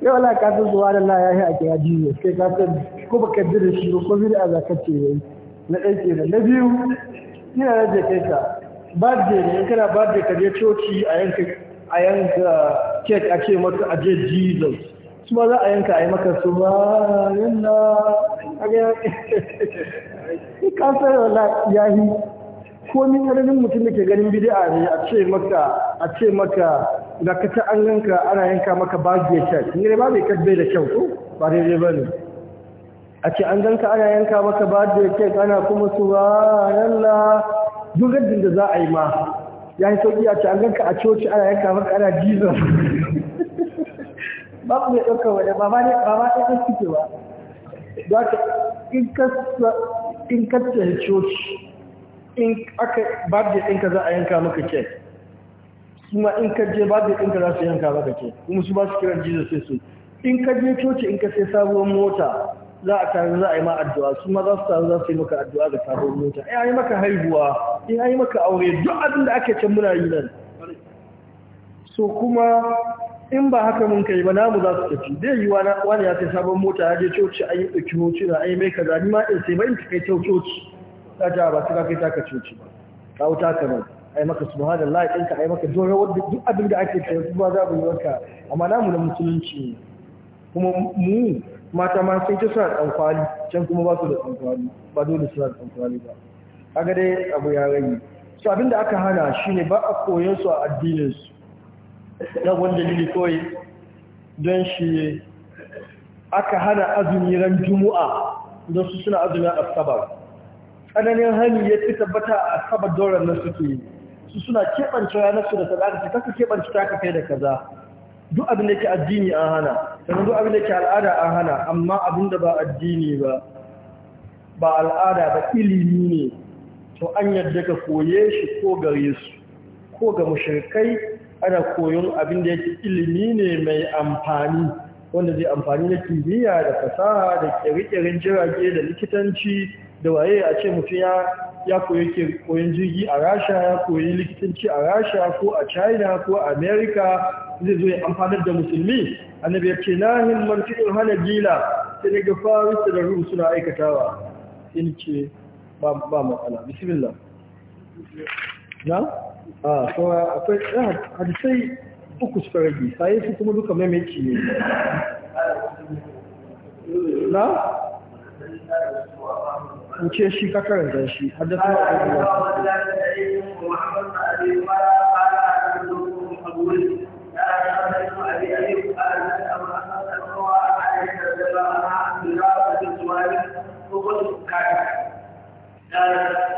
yau na ka su su wa lalla ya yi a kira jizo kai ka san ko ba ka jira shi ko bi a za ka ce yi. na ɗan ke na biyu ina na je ka. Ba je ne in kana je ka je coci a yanka a yanka kek a ce maka a je jesus su ma za a yanka a yi maka su ba lalla ka sai yahi ko min karamin mutum da ke ganin bid'a ne a ce maka a ce maka da ka ta an ganka ana yanka maka ya ta ne ba bai kadbe da kyau ko ba dai dai bane a ce an ganka ana yanka maka ya ta ana kuma subhanallah duk gaddin da za a yi ma ya yi sauki a ce an ganka a coci ana yanka maka ana jizo ba ku ne ɗaukar wani ba ma ɗaukar suke ba In ka in ka coci in aka da ɗinka za a yanka maka kek kuma in ka je babda ɗinka za su yanka maka ke kuma su ba su kiran jesus sai su in ka je coci in ka sai sabuwar mota za a taru za a yi ma addu'a su ma za su taru za su yi maka addu'a da sabuwar mota in eh, yi maka haihuwa in yi maka aure duk abin da ake can muna yi nan so kuma in ba haka mun kai ba namu za su tafi zai yi wani ya sai sabon mota ya je coci a yi ɗauki hotuna na yi mai kaza ni ma in sai bayan kai ta coci ta ta ba su kai taka coci ba wuta ka nan ai maka subhanallah ɗinka ai maka dora wanda, duk abin da ake kai su ba za mu yi wanka amma namu na musulunci ne kuma mu mata ma sai ta suna ɗan kwali can kuma ba su da ɗan kwali ba dole suna da ɗan kwali ba kaga dai abu ya rage su abin da aka hana shine ba a koyon su a addinin su ɗan wanda lili kawai don shi aka hana azumi ran juma'a don su suna azumin asabar tsananin hannu ya fi tabbata a asabar doron nan suke yi su suna keɓance ranar su da sadaka su kasa keɓance ta kai da kaza duk abin da ke addini an hana sannan duk abin da ke al'ada an hana amma abin da ba addini ba ba al'ada ba ilimi ne to an yadda ka koye shi ko gare su ko ga mushrikai ana koyon abin da yake ilimi ne mai amfani wanda zai amfani da kimiyya da fasaha da kirkirin jirage da likitanci da waye a ce mutum ya koyi koyon jirgi a rasha ya koyi likitanci a rasha ko a china ko a america zai zo ya amfanar da musulmi annabi ya ce nahin hana Gila. sai daga faris da rum suna aikatawa in ce ba matsala bismillah na a akwai hadisai uku suka rage saye su kuma duka maimaki ne na? wuce shi kakarar da shi haddasa na abubuwa Thank you.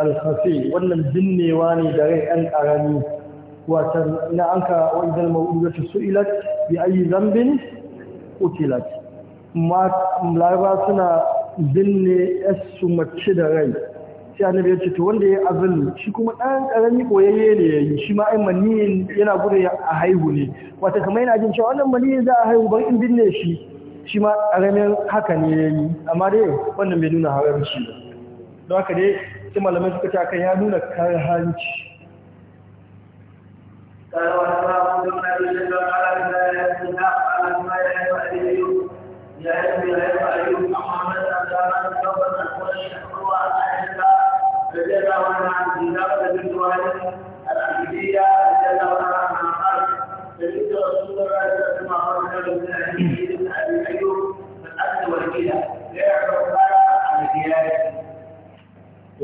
alkhafi wannan binnewa ne da rai ɗan ƙarami wata na an ka wajen ma'udatu su'ilat bi ayi zambin utilat laraba suna binne su mace da rai sai annabi ya ce to wanda ya azul shi kuma ɗan ƙarami koyayye ne ya yi shi ma ai maniyin yana gudu a haihu ne wata kamar yana jin cewa wannan maniyin za a haihu bar in binne shi shi ma ƙaramin haka ne ya yi amma dai wannan bai nuna haramci ba don haka dai sai malamai suka ta kan ya nuna karhanci Thank you.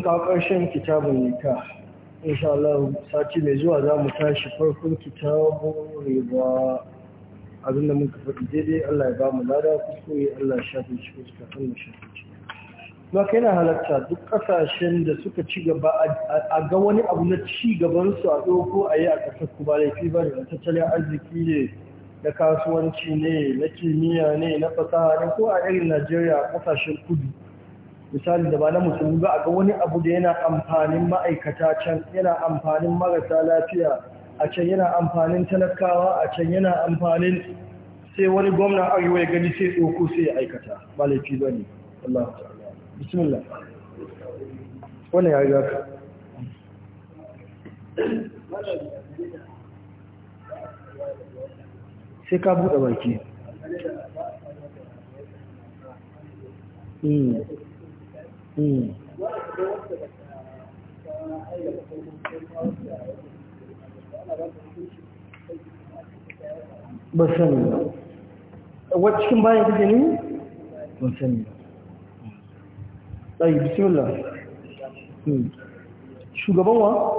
ƙarshen kitabun nika inshallah sati mai zuwa za mu tashi farkon kitabun riba abin da muka faɗi daidai Allah ya ba mu lada koyi Allah ya shafe shi ko suka kan shafe shi ba kai na halatta duk ƙasashen da suka ci gaba a ga wani abu na ci gaban su a ɗauko a yi a ƙasar ku ba laifi ba da tattalin arziki ne na kasuwanci ne na kimiyya ne na fasaha ne ko a irin Najeriya ƙasashen kudu misali da ba na musulmi ba a ga wani abu da yana amfanin ma'aikata can yana amfanin marasa lafiya a can yana amfanin talakawa a can yana amfanin sai wani gwamna arewa ya gani sai tsoko sai ya aikata ba laifi ba ne Allah bismillah ya ka sai ka buɗe baki Mm. ba ba wacce cikin bayan ne ba sani ba bismillah hmm. shugaban wa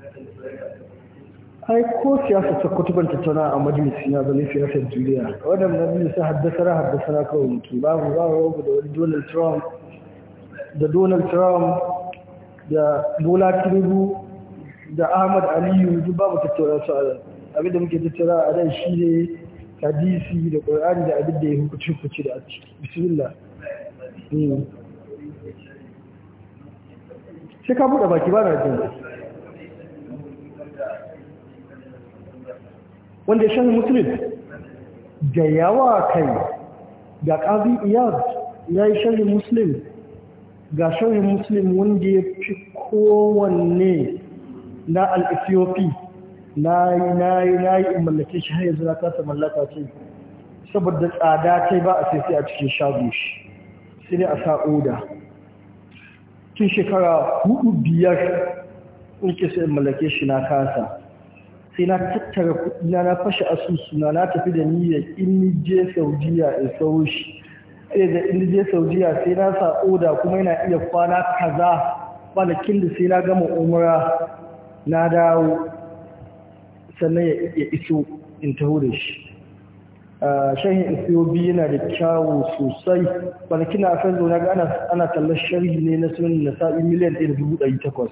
Thank you. ai ko siyasa ta kutuban tattauna a majalisi na zane siyasar duniya waɗanda biyu su haddasara haddasara kawai mutu babu babu da mu donald trump da donald trump da bola tinubu da ahmad aliyu duk babu tattauna su a abin da muke tattauna a nan shi ne hadisi da ƙwar'ani da abin da ya hukuci hukuci da a ciki bismillah hmm. sai ka buɗe baki ba na jin wanda ya shahin musulun da yawa kai ga ƙazi iyad ya yi shahin musulun ga shahin musulun wanda ya fi kowanne na al'afiyofi na yi na yi na yi mallake shi har yanzu na kasa mallaka ce saboda tsada ce ba a sai a cikin shago shi sai dai a sa oda tun shekara hudu biyar nake sai mallake shi na kasa sai na tattara kuɗina na fashe asusuna na tafi da niyyar in je saudiya in sauro shi sai da in je saudiya sai na sa oda kuma yana iya kwana kaza kwanakin da sai na gama umura na dawo sannan ya iso in taho da shi shahin isiobi yana da kyawu sosai kwanakin kina aka zo na ga ana tallar sharhi ne na sunan nasa'i miliyan ɗaya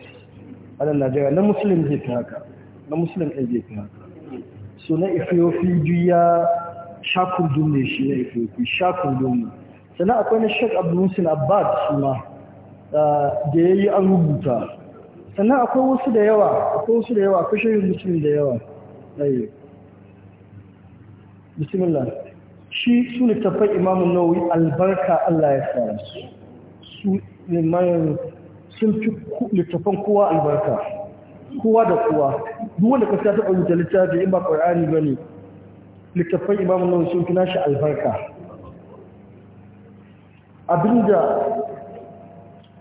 a nan najeriya na musulun zai ta haka na musulun ɗan zai fiya so na ifiyofi juya shakul dum ne shi na ifiyofi shakun dum ne sannan akwai na shek abdulmusin abad su ma da ya yi an rubuta sannan akwai wasu da yawa akwai wasu da yawa akwai shayin musulun da yawa ɗaya bismillah shi su ne tafai imamun nauyi albarka allah ya sa su mayan sun fi littafan kowa albarka kowa da kowa duk wanda ka sa ta rubuta littafi in ba qur'ani bane littafin imamu nawawi sun kina shi albarka abinda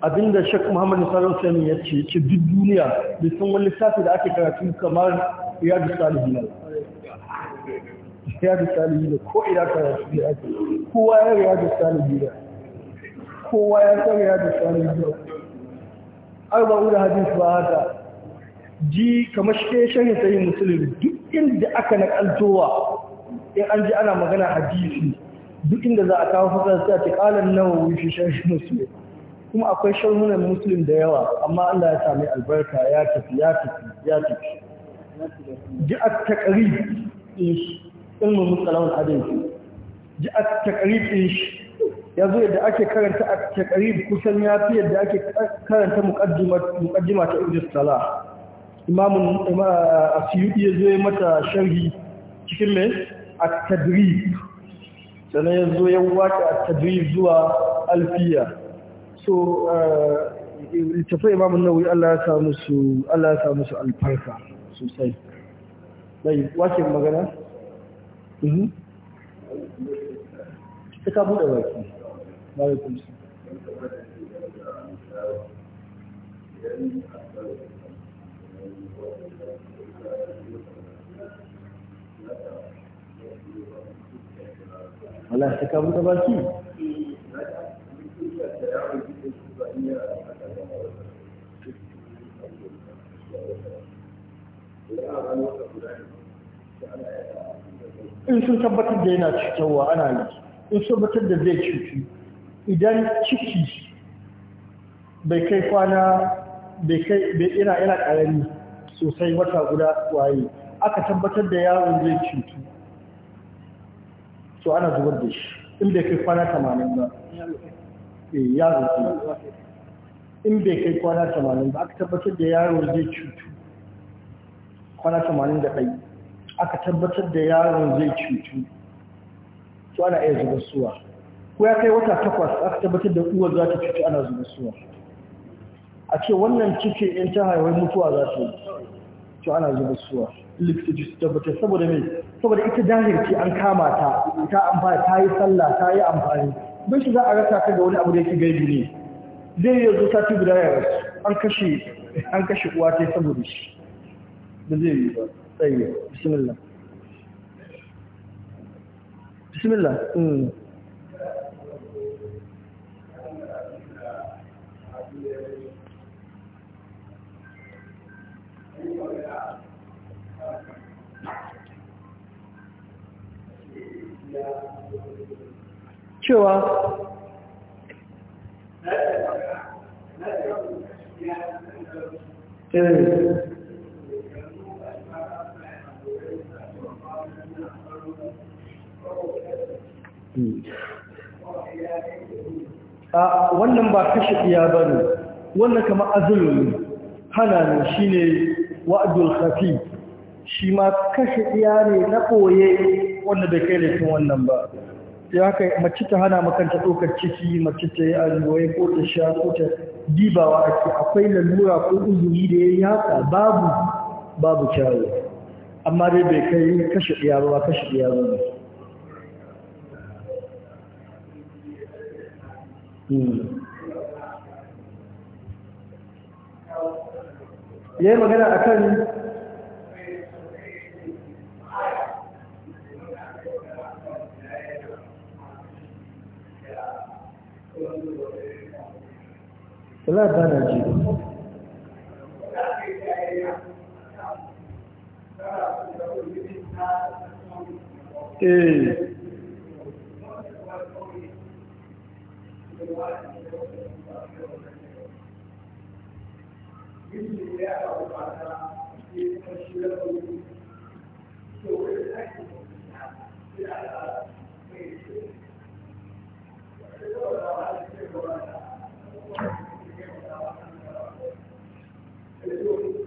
abinda Sheikh Muhammad Sallallahu Alaihi ya ce ce duk duniya da sun wani littafi da ake karatu kamar Riyadu Salihin Riyadu Salihin ko ila karatu da ake kowa ya Riyadu Salihin kowa ya san Riyadu Salihin arba'u da hadis ba haka ji kamar shi shahin musulun duk inda aka nakaltowa in an ji ana magana hadisi duk inda za a kawo fasar sai a ce kalan nawa fi shahin musulun kuma akwai shahunan musulun da yawa amma Allah ya sami albarka ya tafi ya tafi ya tafi ji a taƙari ilmin musulun ji a taƙari shi ya zo yadda ake karanta a takarib kusan ya fi yadda ake karanta muƙaddima ta ibn salah imamun siyuɗi ya zo ya mata sharhi cikin mai a tadrib sannan ya zo ya wata a tadrib zuwa alfiya so eh, tafai imamun nawawi Allah ya samu su Allah ya samu su alfarka sosai mai wake magana mhm ta ka bude baki alaikum salam wala ta baki in sun tabbatar da yana cutarwa ana yi in sun tabbatar da zai cutu idan ciki bai kai kwana bai kai bai ina ina ƙarami sosai wata guda waye aka tabbatar da yawon zai cutu to ana zubar da shi in bai kai kwana tamanin ba eh, yaro ke in bai kai kwana tamanin ba aka tabbatar da yaro zai cutu kwana tamanin da ɗai aka tabbatar da yaron zai cutu to ana iya zubar suwa ko ya kai wata takwas aka tabbatar da uwar za ta cutu ana zubar suwa a ce wannan cike in ta haihuwar mutuwa za ta yi to ana zuba suwa likitoci su tabbatar saboda mai saboda ita ce an kama ta ta amfani ta yi sallah ta yi amfani bai shi za a rasa ka ga wani abu da yake gaibi ne zai yi zo sati guda ya rasu an kashe an kashe uwa ta saboda shi da zai yi ba tsaye bismillah bismillah hmm. cewa eh. a wannan ba kashe iya ba ne wannan kama azulun hana ne shi ne wa'adul hafi shi ma kashe iya ne na koye wanda bai kai laifin wannan ba sai haka mace ta hana makanta ɗaukar ciki mace ta yi alwaye ko ta sha ko ta dibawa ake akwai lalura ko uzuri da ya yaka babu babu kyawu amma dai bai kai kashe ɗiya ba kashe ɗiya ba hmm. ya yi magana a kan Wala ba na ji. Eh. Thank you.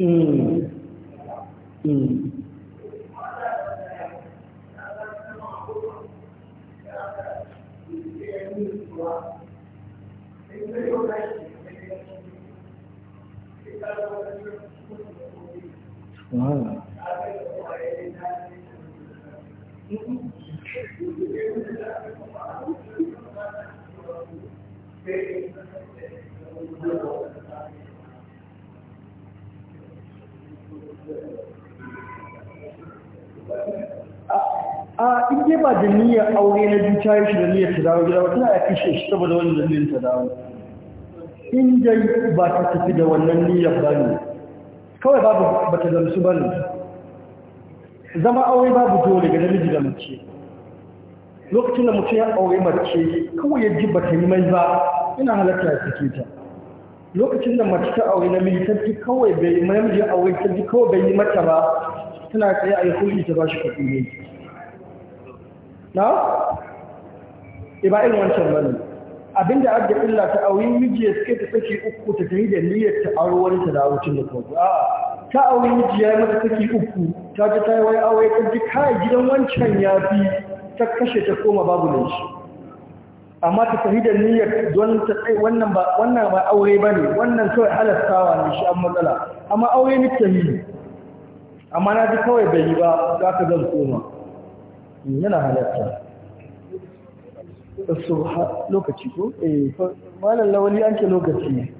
in hmm. in hmm. a inda ba da niyyar aure na biyu ta yi shi da niyyar ta dawo gida ba tana ya kashe shi saboda wani dalilin ta dawo in dai ba ta tafi da wannan niyyar ba ne kawai babu ba ta gamsu ba ne zama aure babu dole ga namiji da mace lokacin da mutum ya aure mace kawai ya ji ba ta yi mai ba ina halatta ya sake ta lokacin da mace ta aure namiji ta ji kawai bai namiji aure ta ji kawai bai yi mata ba tana tsaye a yi hulɗi ta ba shi kuɗi ne na iba eh, irin wancan bane abinda abda illa ta auri miji ya suke ta saki uku ta tafi da niyyar ta auri wani ta da wucin da kawai a ta auri miji ya mata saki uku ta ji ta yi wai aure ta ji kai gidan wancan ya fi ta kashe ta koma babu ne shi amma ta tafi da niyyar don ta tsaye wannan ba wannan ba aure wannan kawai halastawa ne shi an matsala amma aure ne ta yi amma na ji kawai bai yi ba za ka zan koma yana halatta subha lokaci ko eh malam lawali an ce lokaci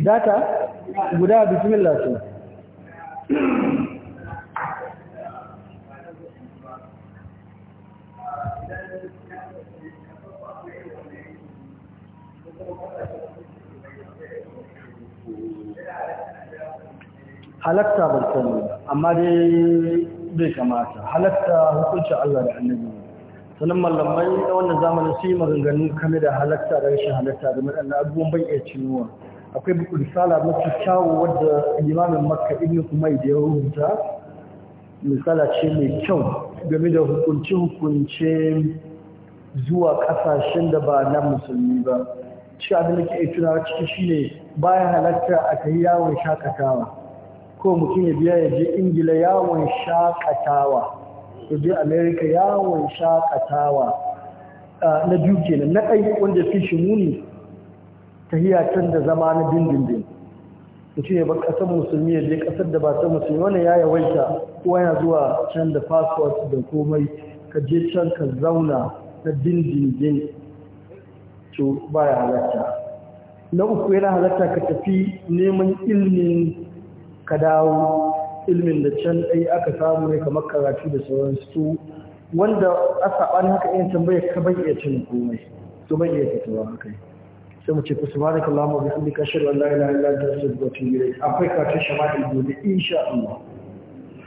data guda bismillah ce halatta ban amma dai bai kamata halatta hukuncin Allah da annabi sanan mallamai na wannan zamanin su yi maganganu kame da halatta da rashin halatta da madan abubuwan bai iya cinuwa akwai sala mafi kyawu wadda limamin makka ibnu kumai da ya rubuta misala ce mai kyau game da hukunce-hukunce zuwa kasashen da ba na musulmi ba ci abin da ke tunawa ciki shine bayan halatta a yi yawon shakatawa ko mutum ya biya ya je ingila yawon shakatawa ya je america yawon shakatawa na biyu na na ɗai wanda fi shi muni ta hiyatar da zama na dindindin mutum ya bar ƙasar musulmi ya je ƙasar da ba ta musulmi wani ya yawaita kowa ya zuwa can da fasfot da komai ka je can ka zauna na dindindin to baya halatta na uku yana halatta ka tafi neman ilmin ka dawo ilmin da can ɗai aka samu ne kamar karatu da sauransu wanda a saɓani haka yin tambayar ka bai iya cin komai to bai iya fitowa haka sai mu ce ku su bada kallama bi hamdika la ilaha illa anta astaghfiruka wa atubu ilayk akwai karatu shama'il gobe insha Allah